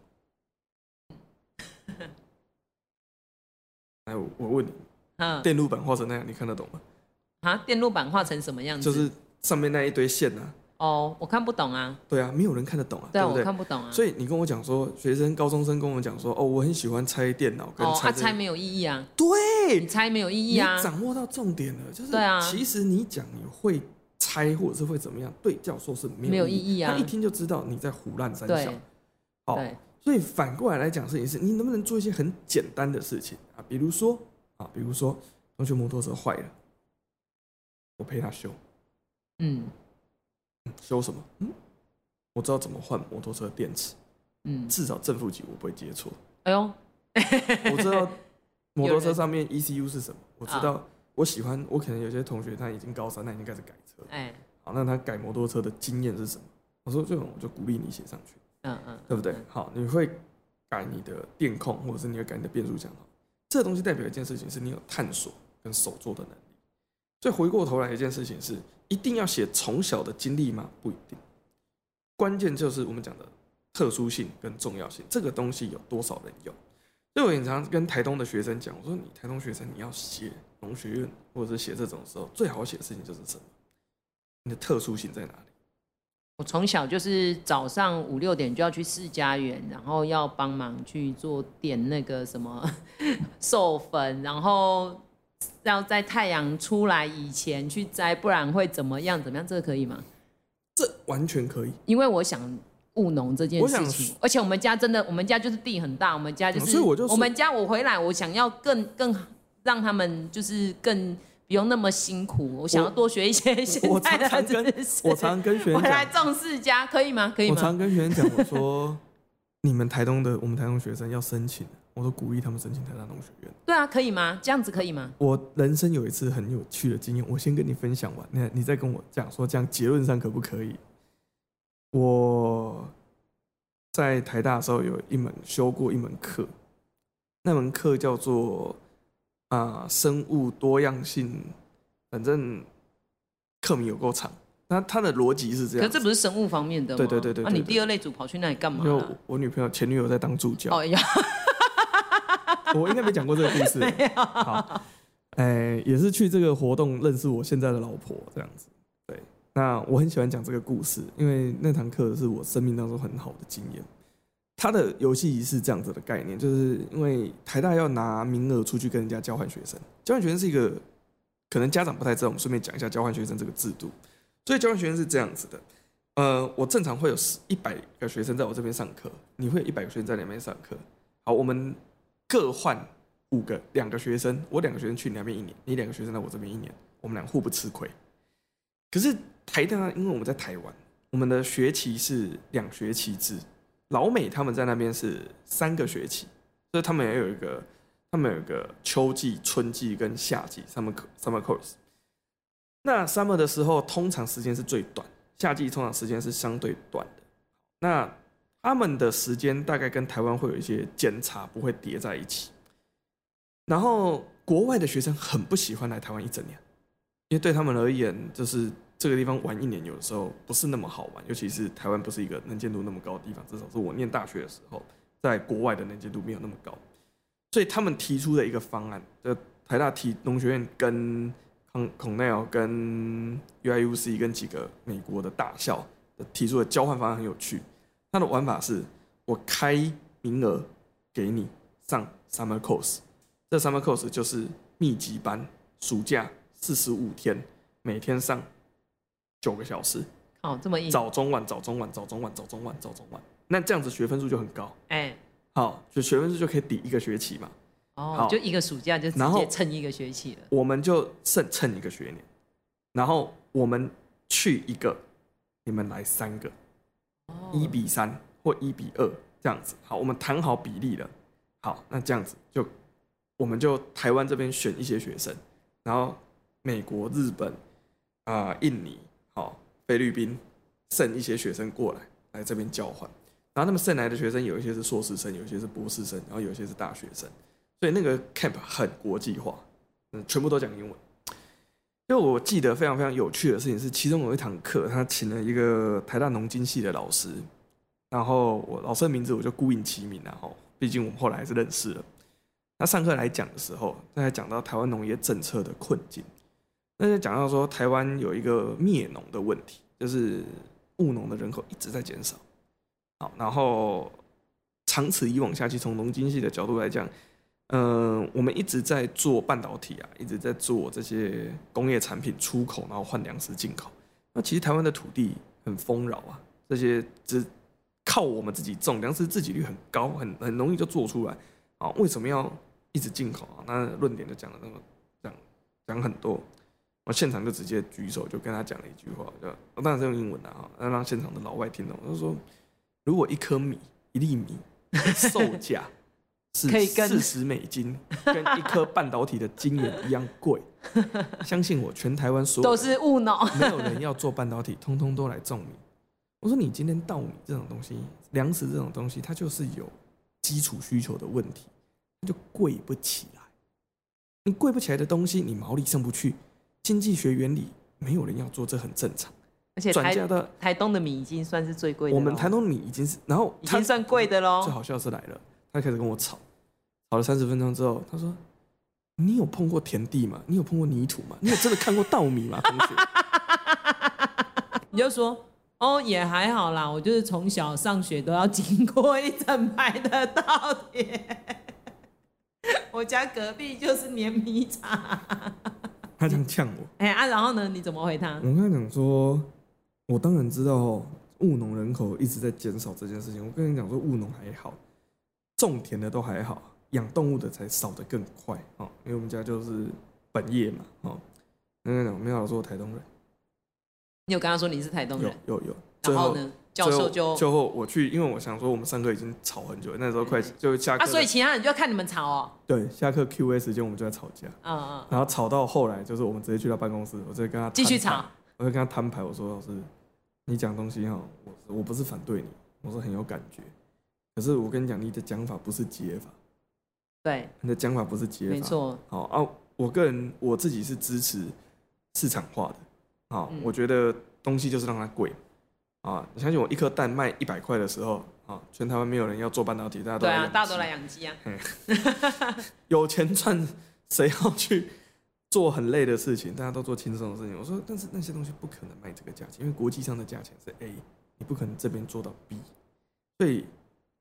來我，我問你， 電路板畫成那樣，你看得懂嗎？啊，電路板畫成什麼樣子？就是上面那一堆線吶、啊。哦，oh, 我看不懂啊。對啊，沒有人看得懂啊，對啊我看不懂啊。所以你跟我講說，學生高中生跟我講說，哦，我很喜歡拆電腦，這個，哦，oh, 他拆沒有意義啊。對，拆沒有意義啊。掌握到重點了，就是，對啊。其實你講你會拆或者是會怎麼樣，對教授是沒有意義，有意義啊。他一聽就知道你在唬爛三小。對。哦好，對所以反過來來講，是你能不能做一些很簡單的事情啊？比如說啊，比如說同學摩托車壞了，我陪他修。嗯。嗯、修什麼？嗯，我知道怎麼換摩托車電池。嗯、至少正負極我不會接錯。哎呦喲， 我知道摩托車上面 ECU 是什麼。人我知道我喜歡，我可能有些同學他已經高三，他已經開始改車。哎，好，那他改摩托車的經驗是什麼？我說這種我就鼓勵你寫上去。嗯嗯，嗯嗯，對不對？好，你會改你的電控，或者是你會改你的變速箱？哦，這個東西代表一件事情是，你有探索跟手做的能力。所以回過頭來一件事情是。一定要寫從小的經歷嗎？不一定，關鍵就是我們講的特殊性跟重要性，這個東西有多少人用。所以我經常，常跟台東的學生講，我說你台東學生，你要寫農學院或者是寫這種時候，最好寫的事情就是什麼？你的特殊性在哪裡？我從小就是早上五六點就要去釋迦園，然後要幫忙去做點那個什麼授 粉，然後。要在太陽出來以前去摘，不然會怎麼樣？怎麼樣？這個可以嗎？這完全可以，因為我想務農這件事情，想而且我們家真的，我們家就是地很大，我們家就是，哦我，就是、我們家我回來，我想要更更讓他們就是更不用那麼辛苦，我想要多學一些現在的知識。我常，常跟，我常跟學員講，我來壯士家可以嗎？可以嗎？我常跟學員講，我說 你們台東的，我們台東學生要申請。我都鼓勵他們申請台大農學院。對啊，可以嗎？這樣子可以嗎？我人生有一次很有趣的經驗，我先跟你分享完，那你再跟我講說，這樣結論上可不可以？我在台大的時候有一門修過一門課，那門課叫做啊、呃、生物多樣性，反正課名有夠長。那它的邏輯是這樣。可這不是生物方面的嗎？對對對對，對對對對。那、啊、你第二類組跑去那裡幹嘛？因為我女朋友前女友在當助教。Oh yeah. 我應該沒講過這個故事 沒有。哈、欸,也是去這個活動認識我現在的老婆這樣子。對,那我很喜歡講這個故事,因為那堂課是我生命當中很好的經驗。他的遊戲儀式這樣子的概念,就是因為台大要拿名額出去跟人家交換學生,交換學生是一個可能家長不太知道,我們順便講一下交換學生這個制度。所以交換學生是這樣子的,嗯、呃,我正常會有十一百個學生在我這邊上課,你會有一百個學生在你那邊上課。好,我們。各換五個兩個學生，我兩個學生去你那邊一年，你兩個學生來我這邊一年，我們倆互不吃虧。可是台大，因為我們在台灣，我們的學期是兩學期制，老美他們在那邊是三個學期，所以他們也有一個，他們有一個秋季、春季跟夏季 summer summer course。那 summer 的時候通常時間是最短，夏季通常時間是相對短的。那他們的時間大概跟台灣會有一些檢查，不會疊在一起。然後國外的學生很不喜歡來台灣一整年，因為對他們而言，就是這個地方玩一年，有的時候不是那麼好玩。尤其是台灣不是一個能見度那麼高的地方，至少是我念大學的時候，在國外的能見度沒有那麼高。所以他們提出的一個方案，呃，台大提農學院跟康康奈爾、跟 UIUC 跟幾個美國的大校提出的交換方案很有趣。他的玩法是，我開名額給你上 summer course，這 summer course 就是密集班，暑假四十五天，每天上九個小時，好、哦，這麼硬，早中晚早中晚早中晚早中晚早中晚，那這樣子學分數就很高，哎、欸，好，就學分數就可以抵一個學期嘛，哦，好就一個暑假就然後蹭一個學期了，我們就剩蹭一個學年，然後我們去一個，你們來三個。一比三或一比二這樣子，好，我們談好比例了。好，那這樣子就，我們就台灣這邊選一些學生，然後美國、日本、啊、呃、印尼、好菲律賓，送一些學生過來來這邊交換。然後他們送來的學生有一些是碩士生，有一些是博士生，然後有一些是大學生。所以那個 camp 很國際化，嗯，全部都講英文。因為我記得非常非常有趣的事情是，其中有一堂課，他請了一個台大農經系的老師，然後我老師的名字我就姑隱其名。然後畢竟我後來還是認識了。那上課來講的時候，他講到台灣農業政策的困境，那就講到說台灣有一個滅農的問題，就是務農的人口一直在減少。然後長此以往下去，從農經系的角度來講。嗯、呃，我們一直在做半導體啊，一直在做這些工業產品出口，然後換糧食進口。那其實台灣的土地很豐饒啊，這些只靠我們自己種，糧食自給率很高，很很容易就做出來啊。為什麼要一直進口啊？那論點就講了那麼講講很多，我現場就直接舉手就跟他講了一句話，就我當然是用英文的啊，讓現場的老外聽懂。他說，如果一顆米一粒米它售價。 是40，可以四十美金跟一顆半導體的晶圓一樣貴，相信我，全台灣所有都是務農，沒有人要做半導體，通通都來種米。我說你今天稻米這種東西，糧食這種東西，它就是有基礎需求的問題，就貴不起來。你貴不起來的東西，你毛利上不去，經濟學原理，沒有人要做，這很正常。而且台，轉家的台東的米已經算是最貴的。我們台東的米已經是，然後已經算貴的嘍。最好笑是來了，他就開始跟我吵。跑了三十分鐘之後，他說：“你有碰過田地嗎？你有碰過泥土嗎？你有真的看過稻米嗎？” 同學，你就說哦，也還好啦，我就是從小上學都要經過一整排的稻田， 我家隔壁就是碾米廠， 他這樣嗆我。哎、欸、啊，然後呢？你怎麼回他？我跟他講說：“我當然知道、哦、務農人口一直在減少這件事情。我跟你講說，務農還好，種田的都還好。”養動物的才少得更快哦，因為我們家就是本業嘛哦，那、嗯、種、嗯嗯、沒好我台東人。你有跟他說你是台東人？有有有。有，然後呢？後，教授就最後我去，因為我想說我們三個已經吵很久了，那時候快對對對，就下課。啊，所以其他人就要看你們吵哦。對，下課 Q&A 時間我們就在吵架，嗯嗯。嗯，然後吵到後來就是我們直接去他辦公室，我直接跟他繼續吵，我就跟他攤牌，我說老師，你講東西哦，我我不是反對你，我說很有感覺，可是我跟你講，你的講法不是解法。對，你的講法不是解法，沒錯錯、哦。啊，我個人我自己是支持市場化的。好、哦，嗯、我覺得東西就是讓它貴。啊，你相信我，一顆蛋賣一百塊的時候，啊，全台灣沒有人要做半導體，大家都啊對啊，大家都來養雞啊。嗯、 有錢賺，誰要去做很累的事情？大家都做輕鬆的事情。我說，但是那些東西不可能賣這個價錢，因為國際上的價錢是 A，你不可能這邊做到 B。所以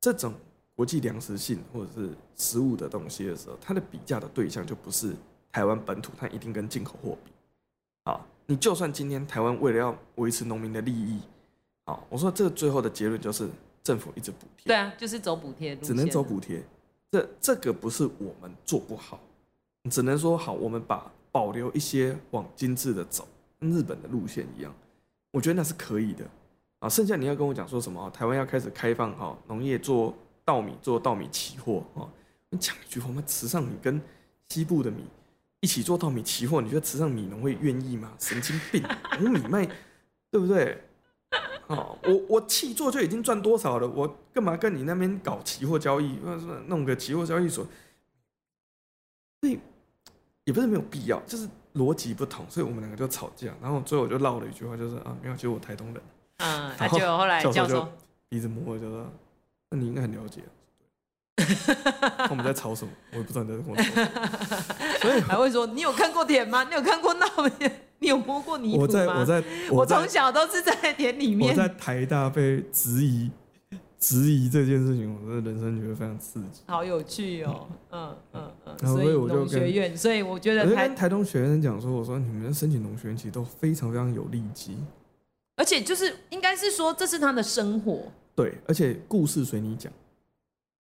這種。國際糧食性或者是食物的東西的時候，它的比價的對象就不是台灣本土，它一定跟進口貨比。啊，你就算今天台灣為了要維持農民的利益，啊，我說這個最後的結論就是政府一直補貼。對啊，就是走補貼，只能走補貼，這這個不是我們做不好，只能說好，我們把保留一些往精緻的走，跟日本的路線一樣，我覺得那是可以的。啊，剩下你要跟我講說什麼？台灣要開始開放好農業做，稻米做稻米期貨啊！你講一句話嗎？池上米跟西部的米一起做稻米期貨，你覺得池上米農會願意嗎？神經病！五米賣，對不對？哦，我我氣做就已經賺多少了，我幹嘛跟你那邊搞期貨交易？弄個期貨交易所？所以也不是沒有必要，就是邏輯不同，所以我們兩個就吵架，然後最後就嘮了一句話，就是啊，沒有，就我台東人，嗯，他就後來教授一直磨，授鼻子摸了就說。那你應該很了解，我 們在吵什麼，我也不知道你在跟我吵， 所以還會說你有看過田嗎？你有看過稻米？你有摸過泥土嗎？我在我在，我從小都是在田裡面。我在台大被質疑，質疑這件事情，我的人生覺得非常刺激，好有趣哦！嗯嗯 嗯，嗯嗯所以農學院，所以我覺得台我台東學院講說，我說你們的申請農學院其實都非常非常有利基，而且就是應該是說，這是他的生活。對，而且故事隨你講，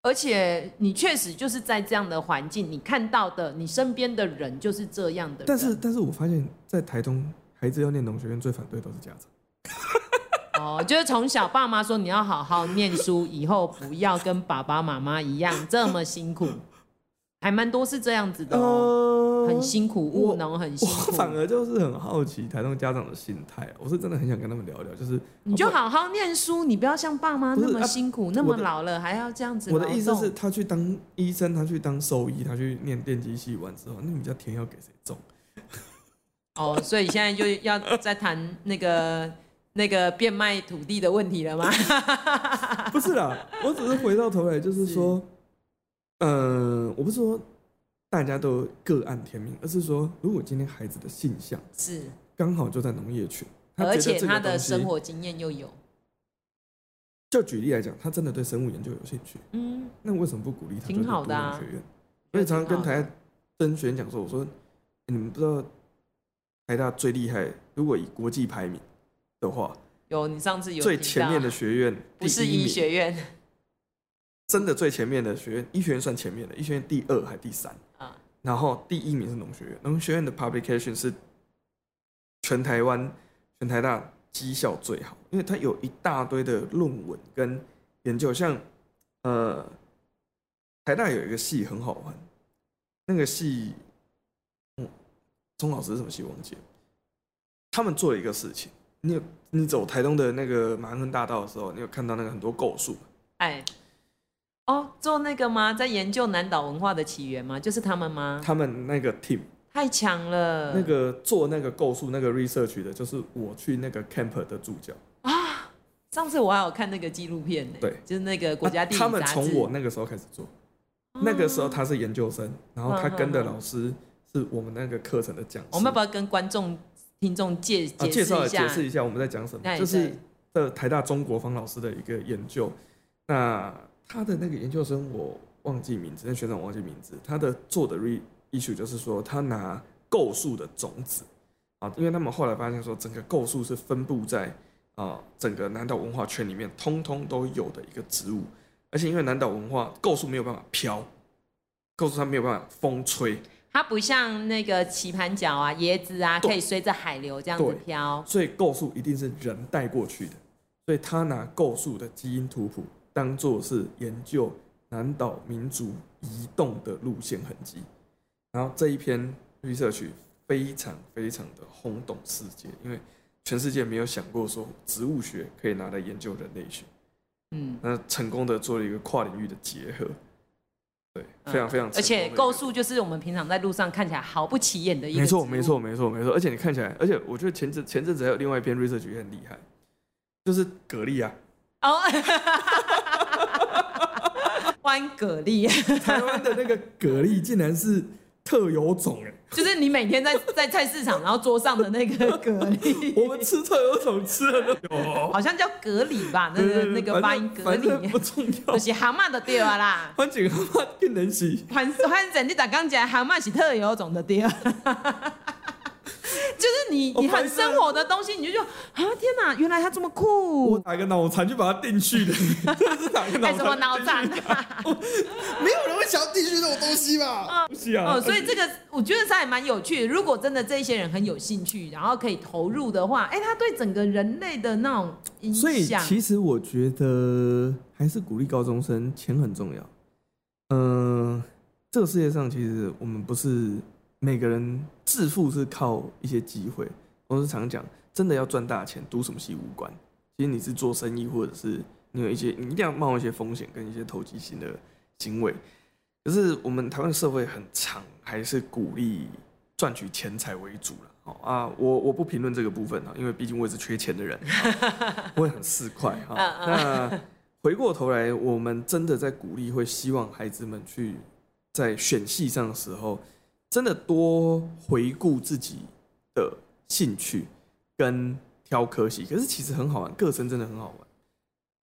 而且你確實就是在這樣的環境，你看到的，你身邊的人就是這樣的。但是，但是我發現，在台中，孩子要念農學院，最反對都是家長。哦， oh, 就是從小爸媽說你要好好念書，以後不要跟爸爸媽媽一樣這麼辛苦。還蠻多是這樣子的，哦，呃，很辛苦，務農我，很辛苦。我反而就是很好奇台中家長的心態，啊，我是真的很想跟他們聊聊。就是好好你就好好念書，你不要像爸媽那麼辛苦，啊，那麼老了的還要這樣子。我的意思是，他去當醫生，他去當獸醫，他去念電機系完之後，那你們家田要給誰種？哦，所以現在就要再談那個 那個變賣土地的問題了嗎？ 不是啦，我只是回到頭來，就是說。是呃，我不是說大家都各安天命，而是說，如果今天孩子的性向是剛好就在農業群，而且他的生活經驗又有，就舉例來講，他真的對生物研究有興趣，嗯，那為什麼不鼓勵他學？挺好的啊，的因為常常跟台大生學員講說，我說，欸，你們不知道台大最厲害，如果以國際排名的話，有你上次有最前面的學院，不是醫學院。真的最前面的學院，醫學院算前面的，醫學院第二還第三？Uh. 然後第一名是農學院，農學院的 publication 是全台灣、全台大績效最好，因為它有一大堆的論文跟研究。像呃，台大有一個系很好玩，那個系，嗯，鍾老師是什麼系？忘記。他們做了一個事情，你有你走台東的那個馬蘭大道的時候，你有看到那個很多構樹？哎。Uh. 哦，做那個嗎？在研究南島文化的起源嗎？就是他們嗎？他們那個 team 太強了。那個做那個構樹那個 research 的，就是我去那個 camp 的助教啊。上次我還有看那個紀錄片呢。對，就是那個國家地理雜誌、啊。他們從我那個時候開始做，嗯、那個時候他是研究生，然後他跟的老師是我們那個課程的講師、啊啊。我們要不要跟觀眾、聽眾介介紹一下？啊、介解釋一下我們在講什麼？是就是的台大中國方老師的一個研究。那他的那個研究生，我忘記名字，那學者我忘記名字。他的做的 research 就是說，他拿構樹的種子，啊，因為他們後來發現說，整個構樹是分佈在啊整個南島文化圈裡面，通通都有的一個植物。而且因為南島文化，構樹沒有辦法飄，構樹它沒有辦法風吹，它不像那個棋盤腳啊、椰子啊，對可以隨着海流這樣子飄。所以構樹一定是人帶過去的，所以他拿構樹的基因圖譜。當做是研究南島民族移動的路線痕跡，然後這一篇 research 非常非常的轟動世界，因為全世界沒有想過說植物學可以拿來研究人類學，嗯，那成功的做了一個跨領域的結合，對，嗯、非常非常，而且構樹就是我們平常在路上看起來毫不起眼的一沒錯，沒錯沒錯沒錯沒錯，而且你看起來，而且我覺得前陣前陣子還有另外一篇 research 也很厲害，就是蛤蜊啊，哦。Oh, 蛤蜊，台灣的那個蛤蜊竟然是特有種耶 就是你每天在在菜市場，然後桌上的那個蛤蜊， 我們吃特有種吃的都有，好像叫蛤蜊吧，那個，對對對，那個發音蛤蜊不重要，就是蛤蟆的對了啦，反正蛤蟆竟然寫，反正你才剛講蛤蟆是特有種的對。 就是你，oh, 你很生活的東西，你就就啊，天哪，原來他這麼酷！我打一個腦殘就把他定序的， 還是什麼腦殘？ 沒有人會想要定序那種東西吧？不是啊，所以這個 我覺得他還蠻有趣的。如果真的這些人很有興趣，然後可以投入的話，哎、欸，他對整個人類的那種影響。所以其實我覺得還是鼓勵高中生，錢很重要。嗯、呃，這個世界上其實我們不是。每個人致富是靠一些機會，我是常講，真的要賺大錢，讀什麼系無關。其實你是做生意，或者是你有一些，你一定要冒一些風險跟一些投機性的行為。可是我們台灣社會很常，還是鼓勵賺取錢財為主啦。啊，我我不評論這個部分啊，因為畢竟我也是缺錢的人，我也很市儈哈。 那回過頭來，我們真的在鼓勵，會希望孩子們去在選系上的時候。真的多回顧自己的興趣跟挑科系，可是其實很好玩，個申真的很好玩。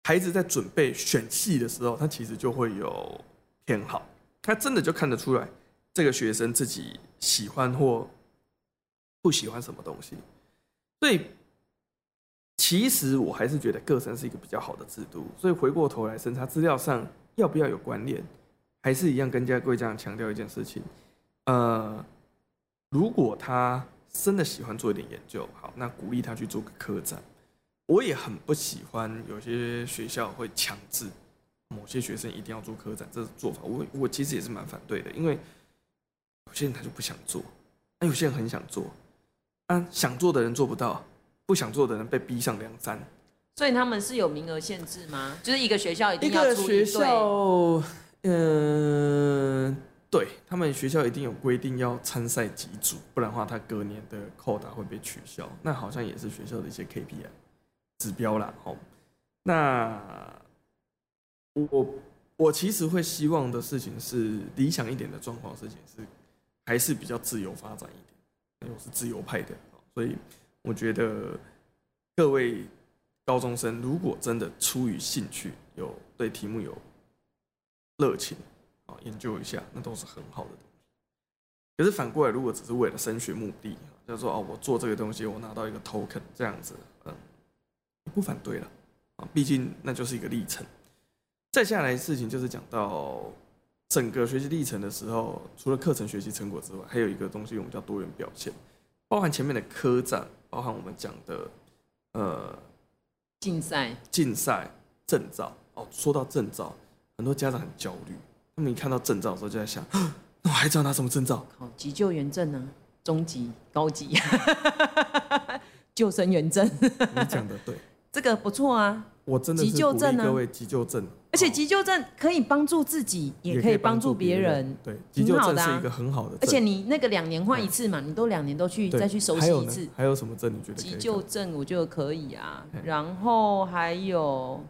孩子在準備選系的時候，他其實就會有偏好，他真的就看得出來這個學生自己喜歡或不喜歡什麼東西。所以，其實我還是覺得個申是一個比較好的制度。所以回過頭來，審查資料上要不要有關聯，還是一樣跟家長這樣強調一件事情。呃，如果他真的喜歡做一點研究，好，那鼓勵他去做個科展。我也很不喜歡有些學校會強制某些學生一定要做科展，這是做法，我我其實也是蠻反對的，因為有些人他就不想做，啊、有些人很想做，啊，想做的人做不到，不想做的人被逼上梁山，所以他們是有名額限制嗎？就是一個學校一定要一個學校，嗯對。呃對，他們學校一定有規定要參賽幾組，不然的話他隔年的扣打會被取消，那好像也是學校的一些 KPI 指標啦，吼。那我我其實會希望的事情是理想一點的狀況，事情是還是比較自由發展一點，因為我是自由派的，所以我覺得各位高中生如果真的出於興趣，有對題目有熱情。啊，研究一下，那都是很好的東西。可是反過來，如果只是為了升學目的，就是說，哦，我做這個東西，我拿到一個 token 這樣子，嗯，不反對了啊，畢竟那就是一個歷程。再下來事情就是講到整個學習歷程的時候，除了課程學習成果之外，還有一個東西我們叫多元表現，包含前面的科展，包含我們講的呃競賽、競賽證照。哦，說到證照，很多家長很焦慮。那你看到證照的時候，就在想：那我還知道拿什麼證照？考急救員證呢？中級、高級，救生員證。你講得對，這個不錯啊！我真的是各位急救證啊，急救證，而且急救證可以幫助自己，也可以幫助別人。對，急救證是一個很好的，而且你那個兩年換一次嘛，你都兩年都去再去熟悉一次。還有什麼證？你覺得急救證我就可以啊。然後還有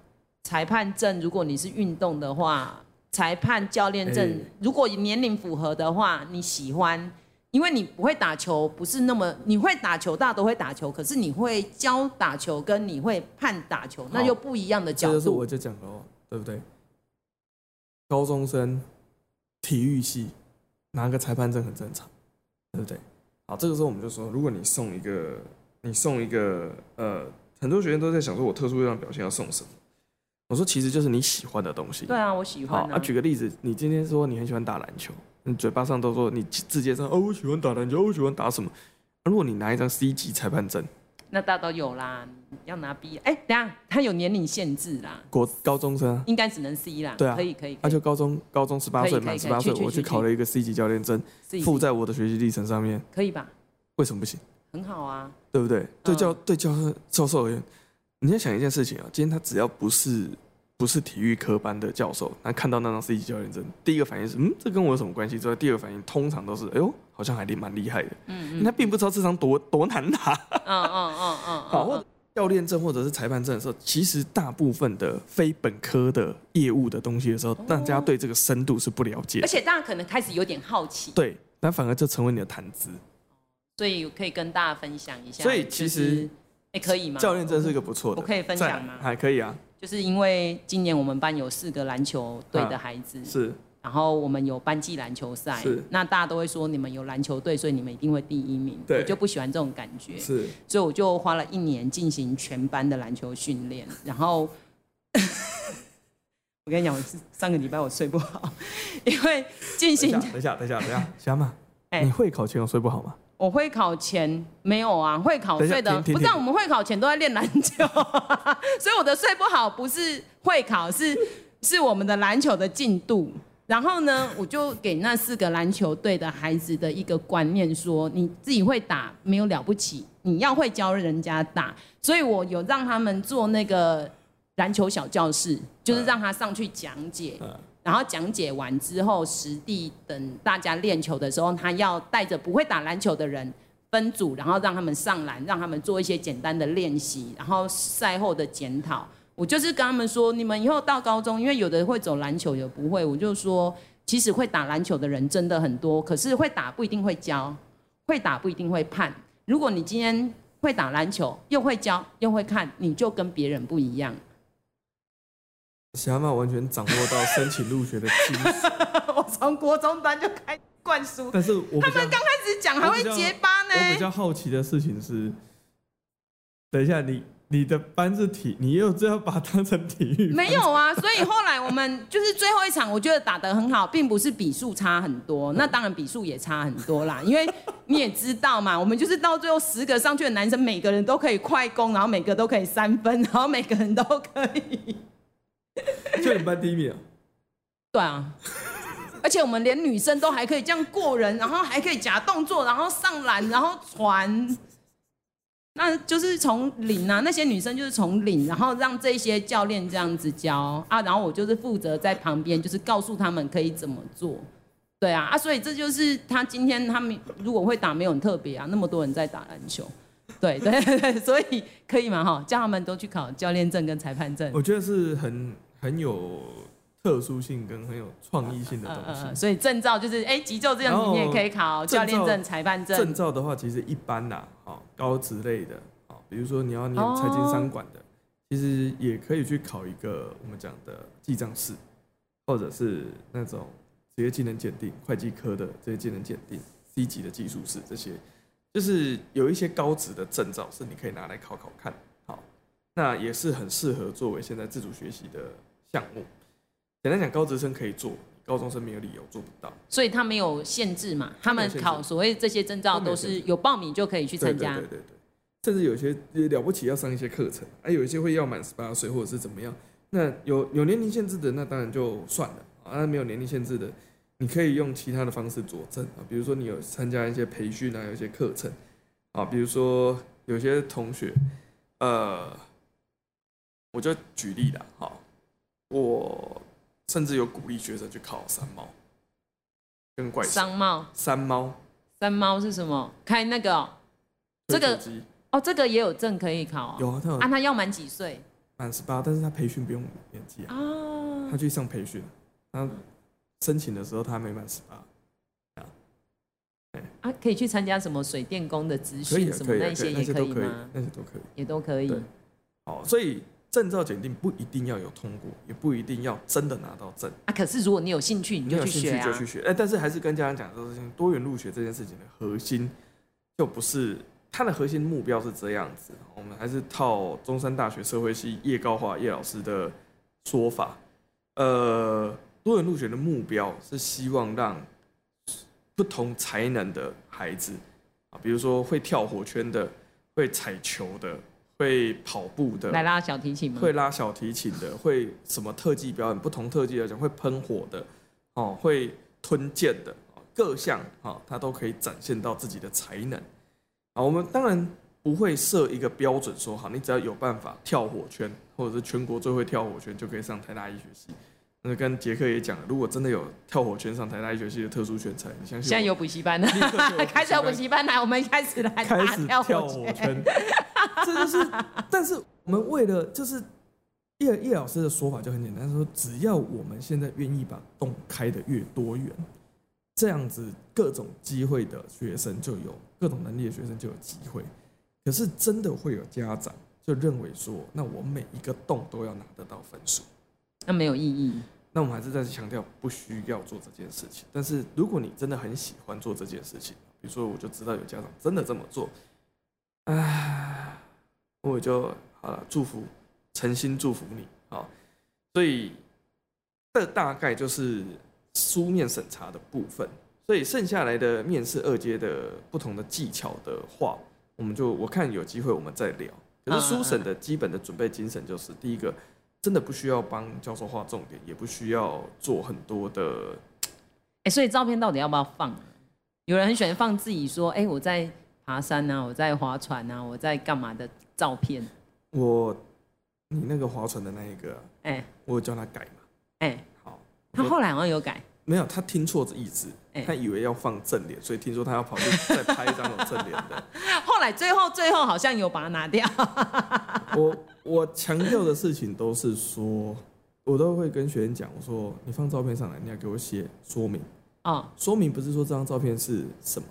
裁判證，如果你是運動的話。裁判教練證，如果年齡符合的話，欸、你喜歡，因為你不會打球，不是那麼你會打球，大家都會打球，可是你會教打球跟你會判打球，好那就不一樣的角度。這就是我就講了，哦，對不對？高中生，體育系拿個裁判證很正常，對不對？好，這個時候我們就說，如果你送一個，你送一個，呃，很多學員都在想說，我特殊優良表現要送什麼？我說其實就是你喜歡的東西。對啊，我喜歡。啊，舉個例子，你今天說你很喜歡打籃球，你嘴巴上都說你直接說哦，我喜歡打籃球，我喜歡打什麼？如果你拿一張 C 級裁判證，那大都有啦。要拿 B，哎，等下他有年齡限制啦。國高中生應該只能 C 啦。對啊，可以可以。而且就高中高中十八歲滿十八歲，我去考了一個 C 級教練證，附在我的學習歷程上面，可以吧？為什麼不行？很好啊，對不對？對教對教教授而言。你先想一件事情啊，今天他只要不是不是體育科班的教授，那看到那張 C 級教練證，第一個反應是嗯，這跟我有什麼關係之外？之後第二個反應通常都是哎呦，好像還蠻厲害的，嗯，嗯，因為他並不知道這張多多難拿。嗯嗯嗯嗯。哦哦哦、或者教練證或者是裁判證的時候，其實大部分的非本科的業務的東西的時候，哦、大家對這個深度是不了解，而且大家可能開始有點好奇。對，那反而就成為你的談資，所以可以跟大家分享一下。所以其實。就是欸、可以嗎？教練真是一個不錯的我，我可以分享嗎？還可以啊，就是因為今年我們班有四個籃球隊的孩子，啊、是，然後我們有班際籃球賽，是，那大家都會說你們有籃球隊，所以你們一定會第一名，對，我就不喜歡這種感覺，是，所以我就花了一年進行全班的籃球訓練，然後， 我跟你講，我上個禮拜我睡不好，因為進行等，等一下，等一下，等一下，行嗎、欸？你會考前我睡不好嗎？我會考前沒有啊，會考睡的，不像、啊、我們會考前都在練籃球、啊， 所以我的睡不好不是會考，是是我們的籃球的進度。然後呢，我就給那四個籃球隊的孩子的一個觀念說，說你自己會打沒有了不起，你要會教人家打。所以我有讓他們做那個籃球小教室，就是讓他上去講解。 然後講解完之後，實地等大家練球的時候，他要帶着不會打籃球的人分組，然後讓他們上籃，讓他們做一些簡單的練習。然後賽後的檢討，我就是跟他們說，你們以後到高中，因為有的會走籃球，有的不會，我就說，其實會打籃球的人真的很多，可是會打不一定會教，會打不一定會判。如果你今天會打籃球，又會教，又會看，你就跟別人不一樣。小馬完全掌握到申請入學的精髓。 我從國中班就開始灌輸。但是我他們剛開始講還會結巴呢我。我比較好奇的事情是，等一下，你你的班是體，你又這樣把它當成體育？沒有啊，所以後來我們 就是最後一場，我覺得打得很好，並不是比數差很多。那當然比數也差很多啦，因為你也知道嘛，我們就是到最後十個上去的男生，每個人都可以快攻，然後每個都可以三分，然後每個人都可以。就你班第一名對啊，而且我們連女生都還可以這樣過人，然後還可以假動作，然後上籃，然後傳，那就是從零啊，那些女生就是從零，然後讓這些教練這樣子教啊，然後我就是負責在旁邊，就是告訴他們可以怎麼做，對啊，啊，所以這就是他今天他們如果會打沒有很特別啊，那麼多人在打籃球，對對對，所以可以嘛哈，叫他們都去考教練證跟裁判證，我覺得是很。很有特殊性跟很有創意性的東西、啊啊啊啊，所以證照就是哎、欸、急救這樣你也可以考教練證，證、裁判證。證照的話其實一般啦、啊，啊高職類的比如說你要念財經商管的，哦、其實也可以去考一個我們講的記帳士，或者是那種職業技能鑑定會計科的這些技能鑑定 C 級的技術士這些，就是有一些高職的證照是你可以拿來考考看，好，那也是很適合作為現在自主學習的。項目簡單講，高職生可以做，高中生沒有理由做不到，所以他沒有限制嘛。他們考所謂這些證照都，都是有報名就可以去參加，對，對對對。甚至有些了不起要上一些課程，啊，有一些會要滿十八歲或者是怎麼樣。那有有年齡限制的，那當然就算了啊。但沒有年齡限制的，你可以用其他的方式佐證啊，比如說你有參加一些培訓啊，有一些課程啊，比如說有些同學，呃，我就舉例了，好。我甚至有鼓勵學生去考三貓，跟怪三貓，三貓三貓是什麼？開那個這個哦，這個也有證可以考。有啊，他有。他要滿幾歲？滿十八，但是他培訓不用年紀啊。他去上培訓，他申請的時候他還沒滿十八。他可以去參加什麼水電工的培訓？什麼那些可以嗎？那些都可以，也都可以。哦，所以。證照檢定不一定要有通過，也不一定要真的拿到證啊。可是如果你有興趣，你就去學啊。你有興趣就去學。但是還是跟家長講這件事情，多元入學這件事情的核心，就不是它的核心目標是這樣子。我們還是套中山大學社會系葉高華葉老師的說法，呃，多元入學的目標是希望讓不同才能的孩子啊，比如說會跳火圈的，會踩球的。會跑步的，來拉小提琴嗎？會拉小提琴的，會什麼特技表演？不同特技來講，會噴火的，哦、喔，會吞劍的，喔、各項啊，他、喔、都可以展現到自己的才能。啊，我們當然不會設一個標準說，好，你只要有辦法跳火圈，或者是全國最會跳火圈就可以上台大醫學系。那跟傑克也講，如果真的有跳火圈上台大醫學系的特殊選才，你相信？現在有補習班了，哈哈，開始補習班了，我們開始來打、開始跳火圈。這就是，但是我們為了就是葉葉老師的說法就很簡單，說只要我們現在願意把洞開得越多元，這樣子各種機會的學生就有各種能力的學生就有機會。可是真的會有家長就認為說，那我每一個洞都要拿得到分數，那沒有意義。那我們還是再次強調，不需要做這件事情，但是如果你真的很喜歡做這件事情，比如說我就知道有家長真的這麼做。唉，我就好了。祝福，誠心祝福你。好，所以這大概就是書面審查的部分。所以剩下來的面試二階的不同的技巧的話，我們就我看有機會我們再聊。可是書審的基本的準備精神就是，啊啊啊啊第一個，真的不需要幫教授畫重點，也不需要做很多的。哎、欸，所以照片到底要不要放？有人很喜歡放自己，說：“哎、欸，我在。”爬山啊，我在划船啊，我在幹嘛的照片？我，你那個划船的那一個，哎、欸，我有叫他改嘛，哎、欸，好，他後來好像有改，沒有，他聽錯意思，他以為要放正臉，所以聽說他要跑去再拍一張正臉的。 後來最後最後好像有把它拿掉我。我我強調的事情都是說，我都會跟學員講，我說你放照片上來，你要給我寫說明啊，哦、說明不是說這張照片是什麼。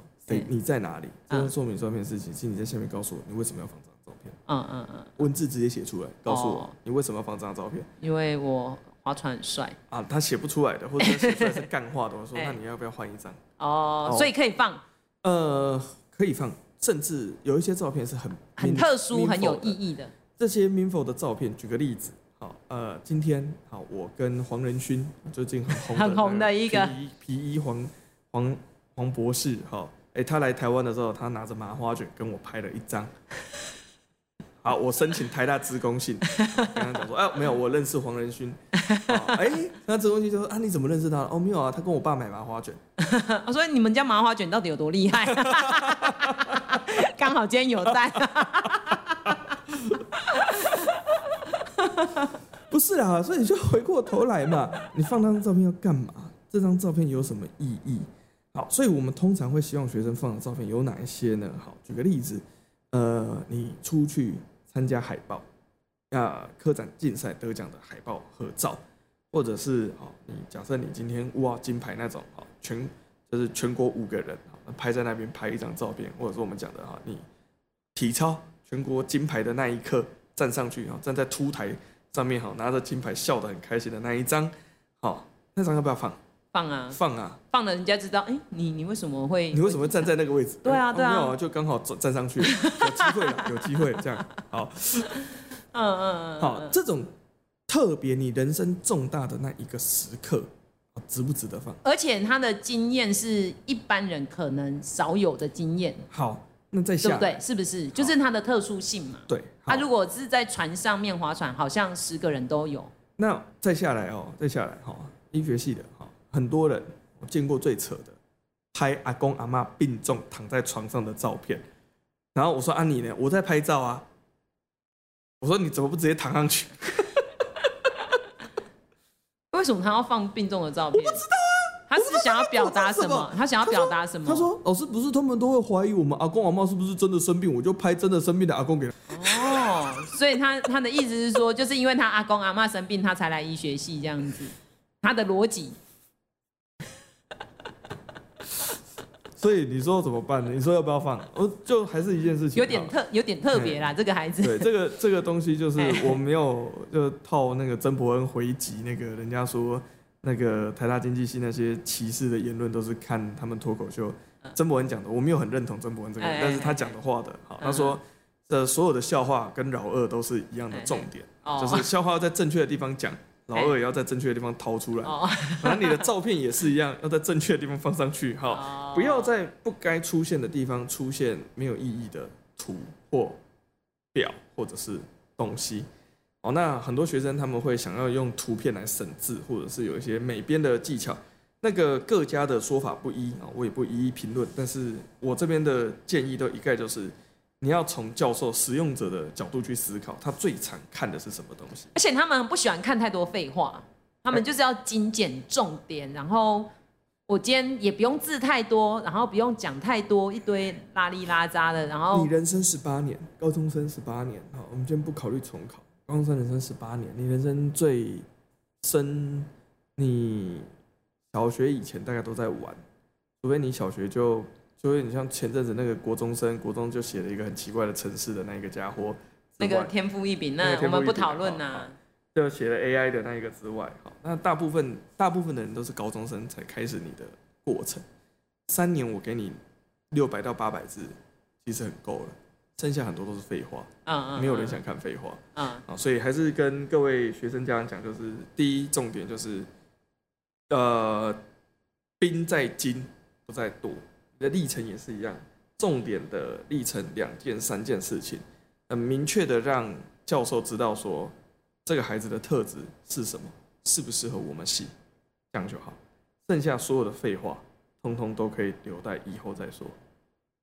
你在哪裡？這張說明照片的事情，請你在下面告訴我，你為什麼要放這張照片？嗯嗯嗯，文字直接寫出來，告訴我你為什麼要放這張照片？因為我划船很帥啊！他寫不出來的，或者寫出來是幹話的，我說那你要不要換一張？哦，所以可以放？呃，可以放，甚至有一些照片是很很特殊、很有意義的。這些民否的照片，舉個例子，好，呃，今天好，我跟黃仁勳最近很紅很紅的一個皮衣黃黃黃博士，哎、欸，他來台灣的時候，他拿着麻花卷跟我拍了一張。好，我申請台大資工信，剛剛講說，哎、欸，沒有，我認識黃仁勳。哎、啊欸，那資工信就說，啊，你怎麼認識他？哦，沒有啊，他跟我爸買麻花卷。我說，你們家麻花卷到底有多厲害？剛 好今天有在。 不是啦，所以你就回過頭來嘛，你放這張照片要幹嘛？這張照片有什麼意義？好，所以我們通常會希望學生放的照片有哪一些呢？好，舉個例子，呃，你出去參加海報啊、呃、科展競賽得獎的海報合照，或者是好、哦，你假設你今天哇金牌那種，全就是全國五個人拍在那邊拍一張照片，或者說我們講的哈，你體操全國金牌的那一刻站上去啊，站在凸台上面哈，拿着金牌笑得很開心的那一張，好，那張要不要放？放啊，放啊，放了人家知道，哎，你你為什麼會？你為什麼會站在那個位置？對啊，對啊。沒有啊，就剛好站站上去，有機會，有機會這樣，好，嗯嗯嗯，好，這種特別你人生重大的那一個時刻，值不值得放？而且他的經驗是一般人可能少有的經驗。好，那再下，對不對？是不是？就是他的特殊性嘛。對，他如果是在船上面划船，好像十個人都有。那再下來哦，再下來好。醫學系的很多人我見過最扯的，拍阿公阿媽病重躺在床上的照片，然後我說阿、啊、你呢？我在拍照啊。我說你怎麼不直接躺上去？為什麼他要放病重的照片？我不知道啊，他是想要表達什麼？他想要表達什麼？他說老師不是他們都會懷疑我們阿公阿媽是不是真的生病，我就拍真的生病的阿公給他。哦，所以他他的意思是說， 就是因為他阿公阿媽生病，他才來醫學系這樣子。他的邏輯。所以你說怎麼辦呢？你說要不要放？哦，就還是一件事情。有點特，有點特別啦，欸、這個孩子。對，這個這個東西就是我沒有，就套那個曾博恩回擊那個人家說那個台大經濟系那些歧視的言論，都是看他們脫口秀，嗯、曾博恩講的。我沒有很認同曾博恩這個，欸欸欸、但是他講的話的，好，嗯，他說的所有的笑話跟老二都是一樣的重點，欸欸哦、就是笑話要在正確的地方講。老二也要在正確的地方掏出來，然後你的照片也是一樣，要在正確的地方放上去，哈，不要在不該出現的地方出現沒有意義的圖或表或者是東西。好，那很多學生他們會想要用圖片來省字，或者是有一些美編的技巧，那個各家的說法不一啊，我也不一一評論，但是我這邊的建議都一概就是。你要從教授使用者的角度去思考，他最常看的是什麼東西？而且他們不喜歡看太多廢話，他們就是要精簡重點。欸、然後我今天也不用字太多，然後不用講太多一堆拉哩拉雜的。然後你人生十八年，高中生十八年，好，我們今天不考慮重考。高中生人生十八年，你人生最深，你小學以前大家都在玩，除非你小學就，所以你像前陣子那個國中生，國中就寫了一個很奇怪的城市的那一個家伙，那個天賦異禀，那我們不討論吶、啊。就寫了 AI 的那一個之外，那大部分大部分的人都是高中生才開始你的過程。三年我給你六百到八百字，其實很夠了，剩下很多都是廢話，沒有人想看廢話，嗯嗯嗯，所以還是跟各位學生家長講，就是第一重點就是，呃，兵在精不在多。你的歷程也是一樣，重點的歷程兩件三件事情，很明確的讓教授知道說，這個孩子的特質是什麼，適不適合我們系？這樣就好。剩下所有的廢話，通通都可以留待以後再說。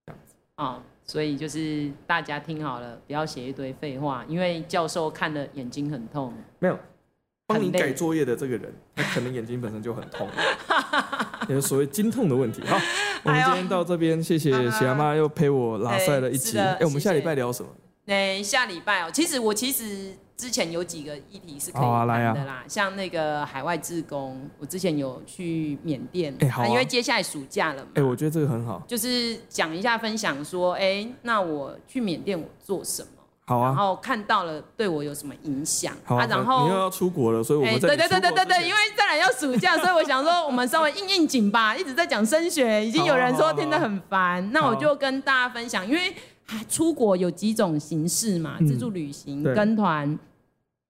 這樣子啊，所以就是大家聽好了，不要寫一堆廢話，因為教授看了眼睛很痛。沒有。幫你改作業的這個人，他可能眼睛本身就很痛， 也是所謂筋痛的問題。好，我們今天到這邊，哎、呦謝謝喜媽又陪我拉賽了一集。哎，哎謝謝。我們下禮拜聊什麼？哎，下禮拜哦，其實我其實之前有幾個議題是可以談的啦，哦，來啊。像那個海外志工，我之前有去緬甸，哎，好。啊啊，因為接下來暑假了嘛。哎，我覺得這個很好，就是講一下分享說，哎，那我去緬甸我做什麼？好、啊、然後看到了對我有什麼影響啊？啊，然後你又要出國了，所以我在對、欸、對對對對對，因為再來要暑假， 所以我想說我們稍微應應景吧。 一直在講升學，已經有人說聽得很煩，啊啊啊、那我就跟大家分享，因為出國有幾種形式嘛，自助旅行、嗯、跟團，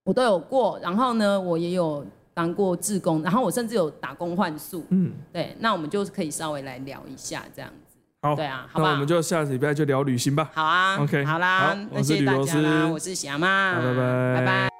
我都有過。然後呢，我也有當過志工，然後我甚至有打工換宿。嗯，對，那我們就可以稍微來聊一下這樣。好，對啊，好，那我們就下個禮拜就聊旅行吧。好啊，OK，好啦，好，那謝謝大家啦。我是鋁螺絲，我是霞媽，拜拜，拜拜。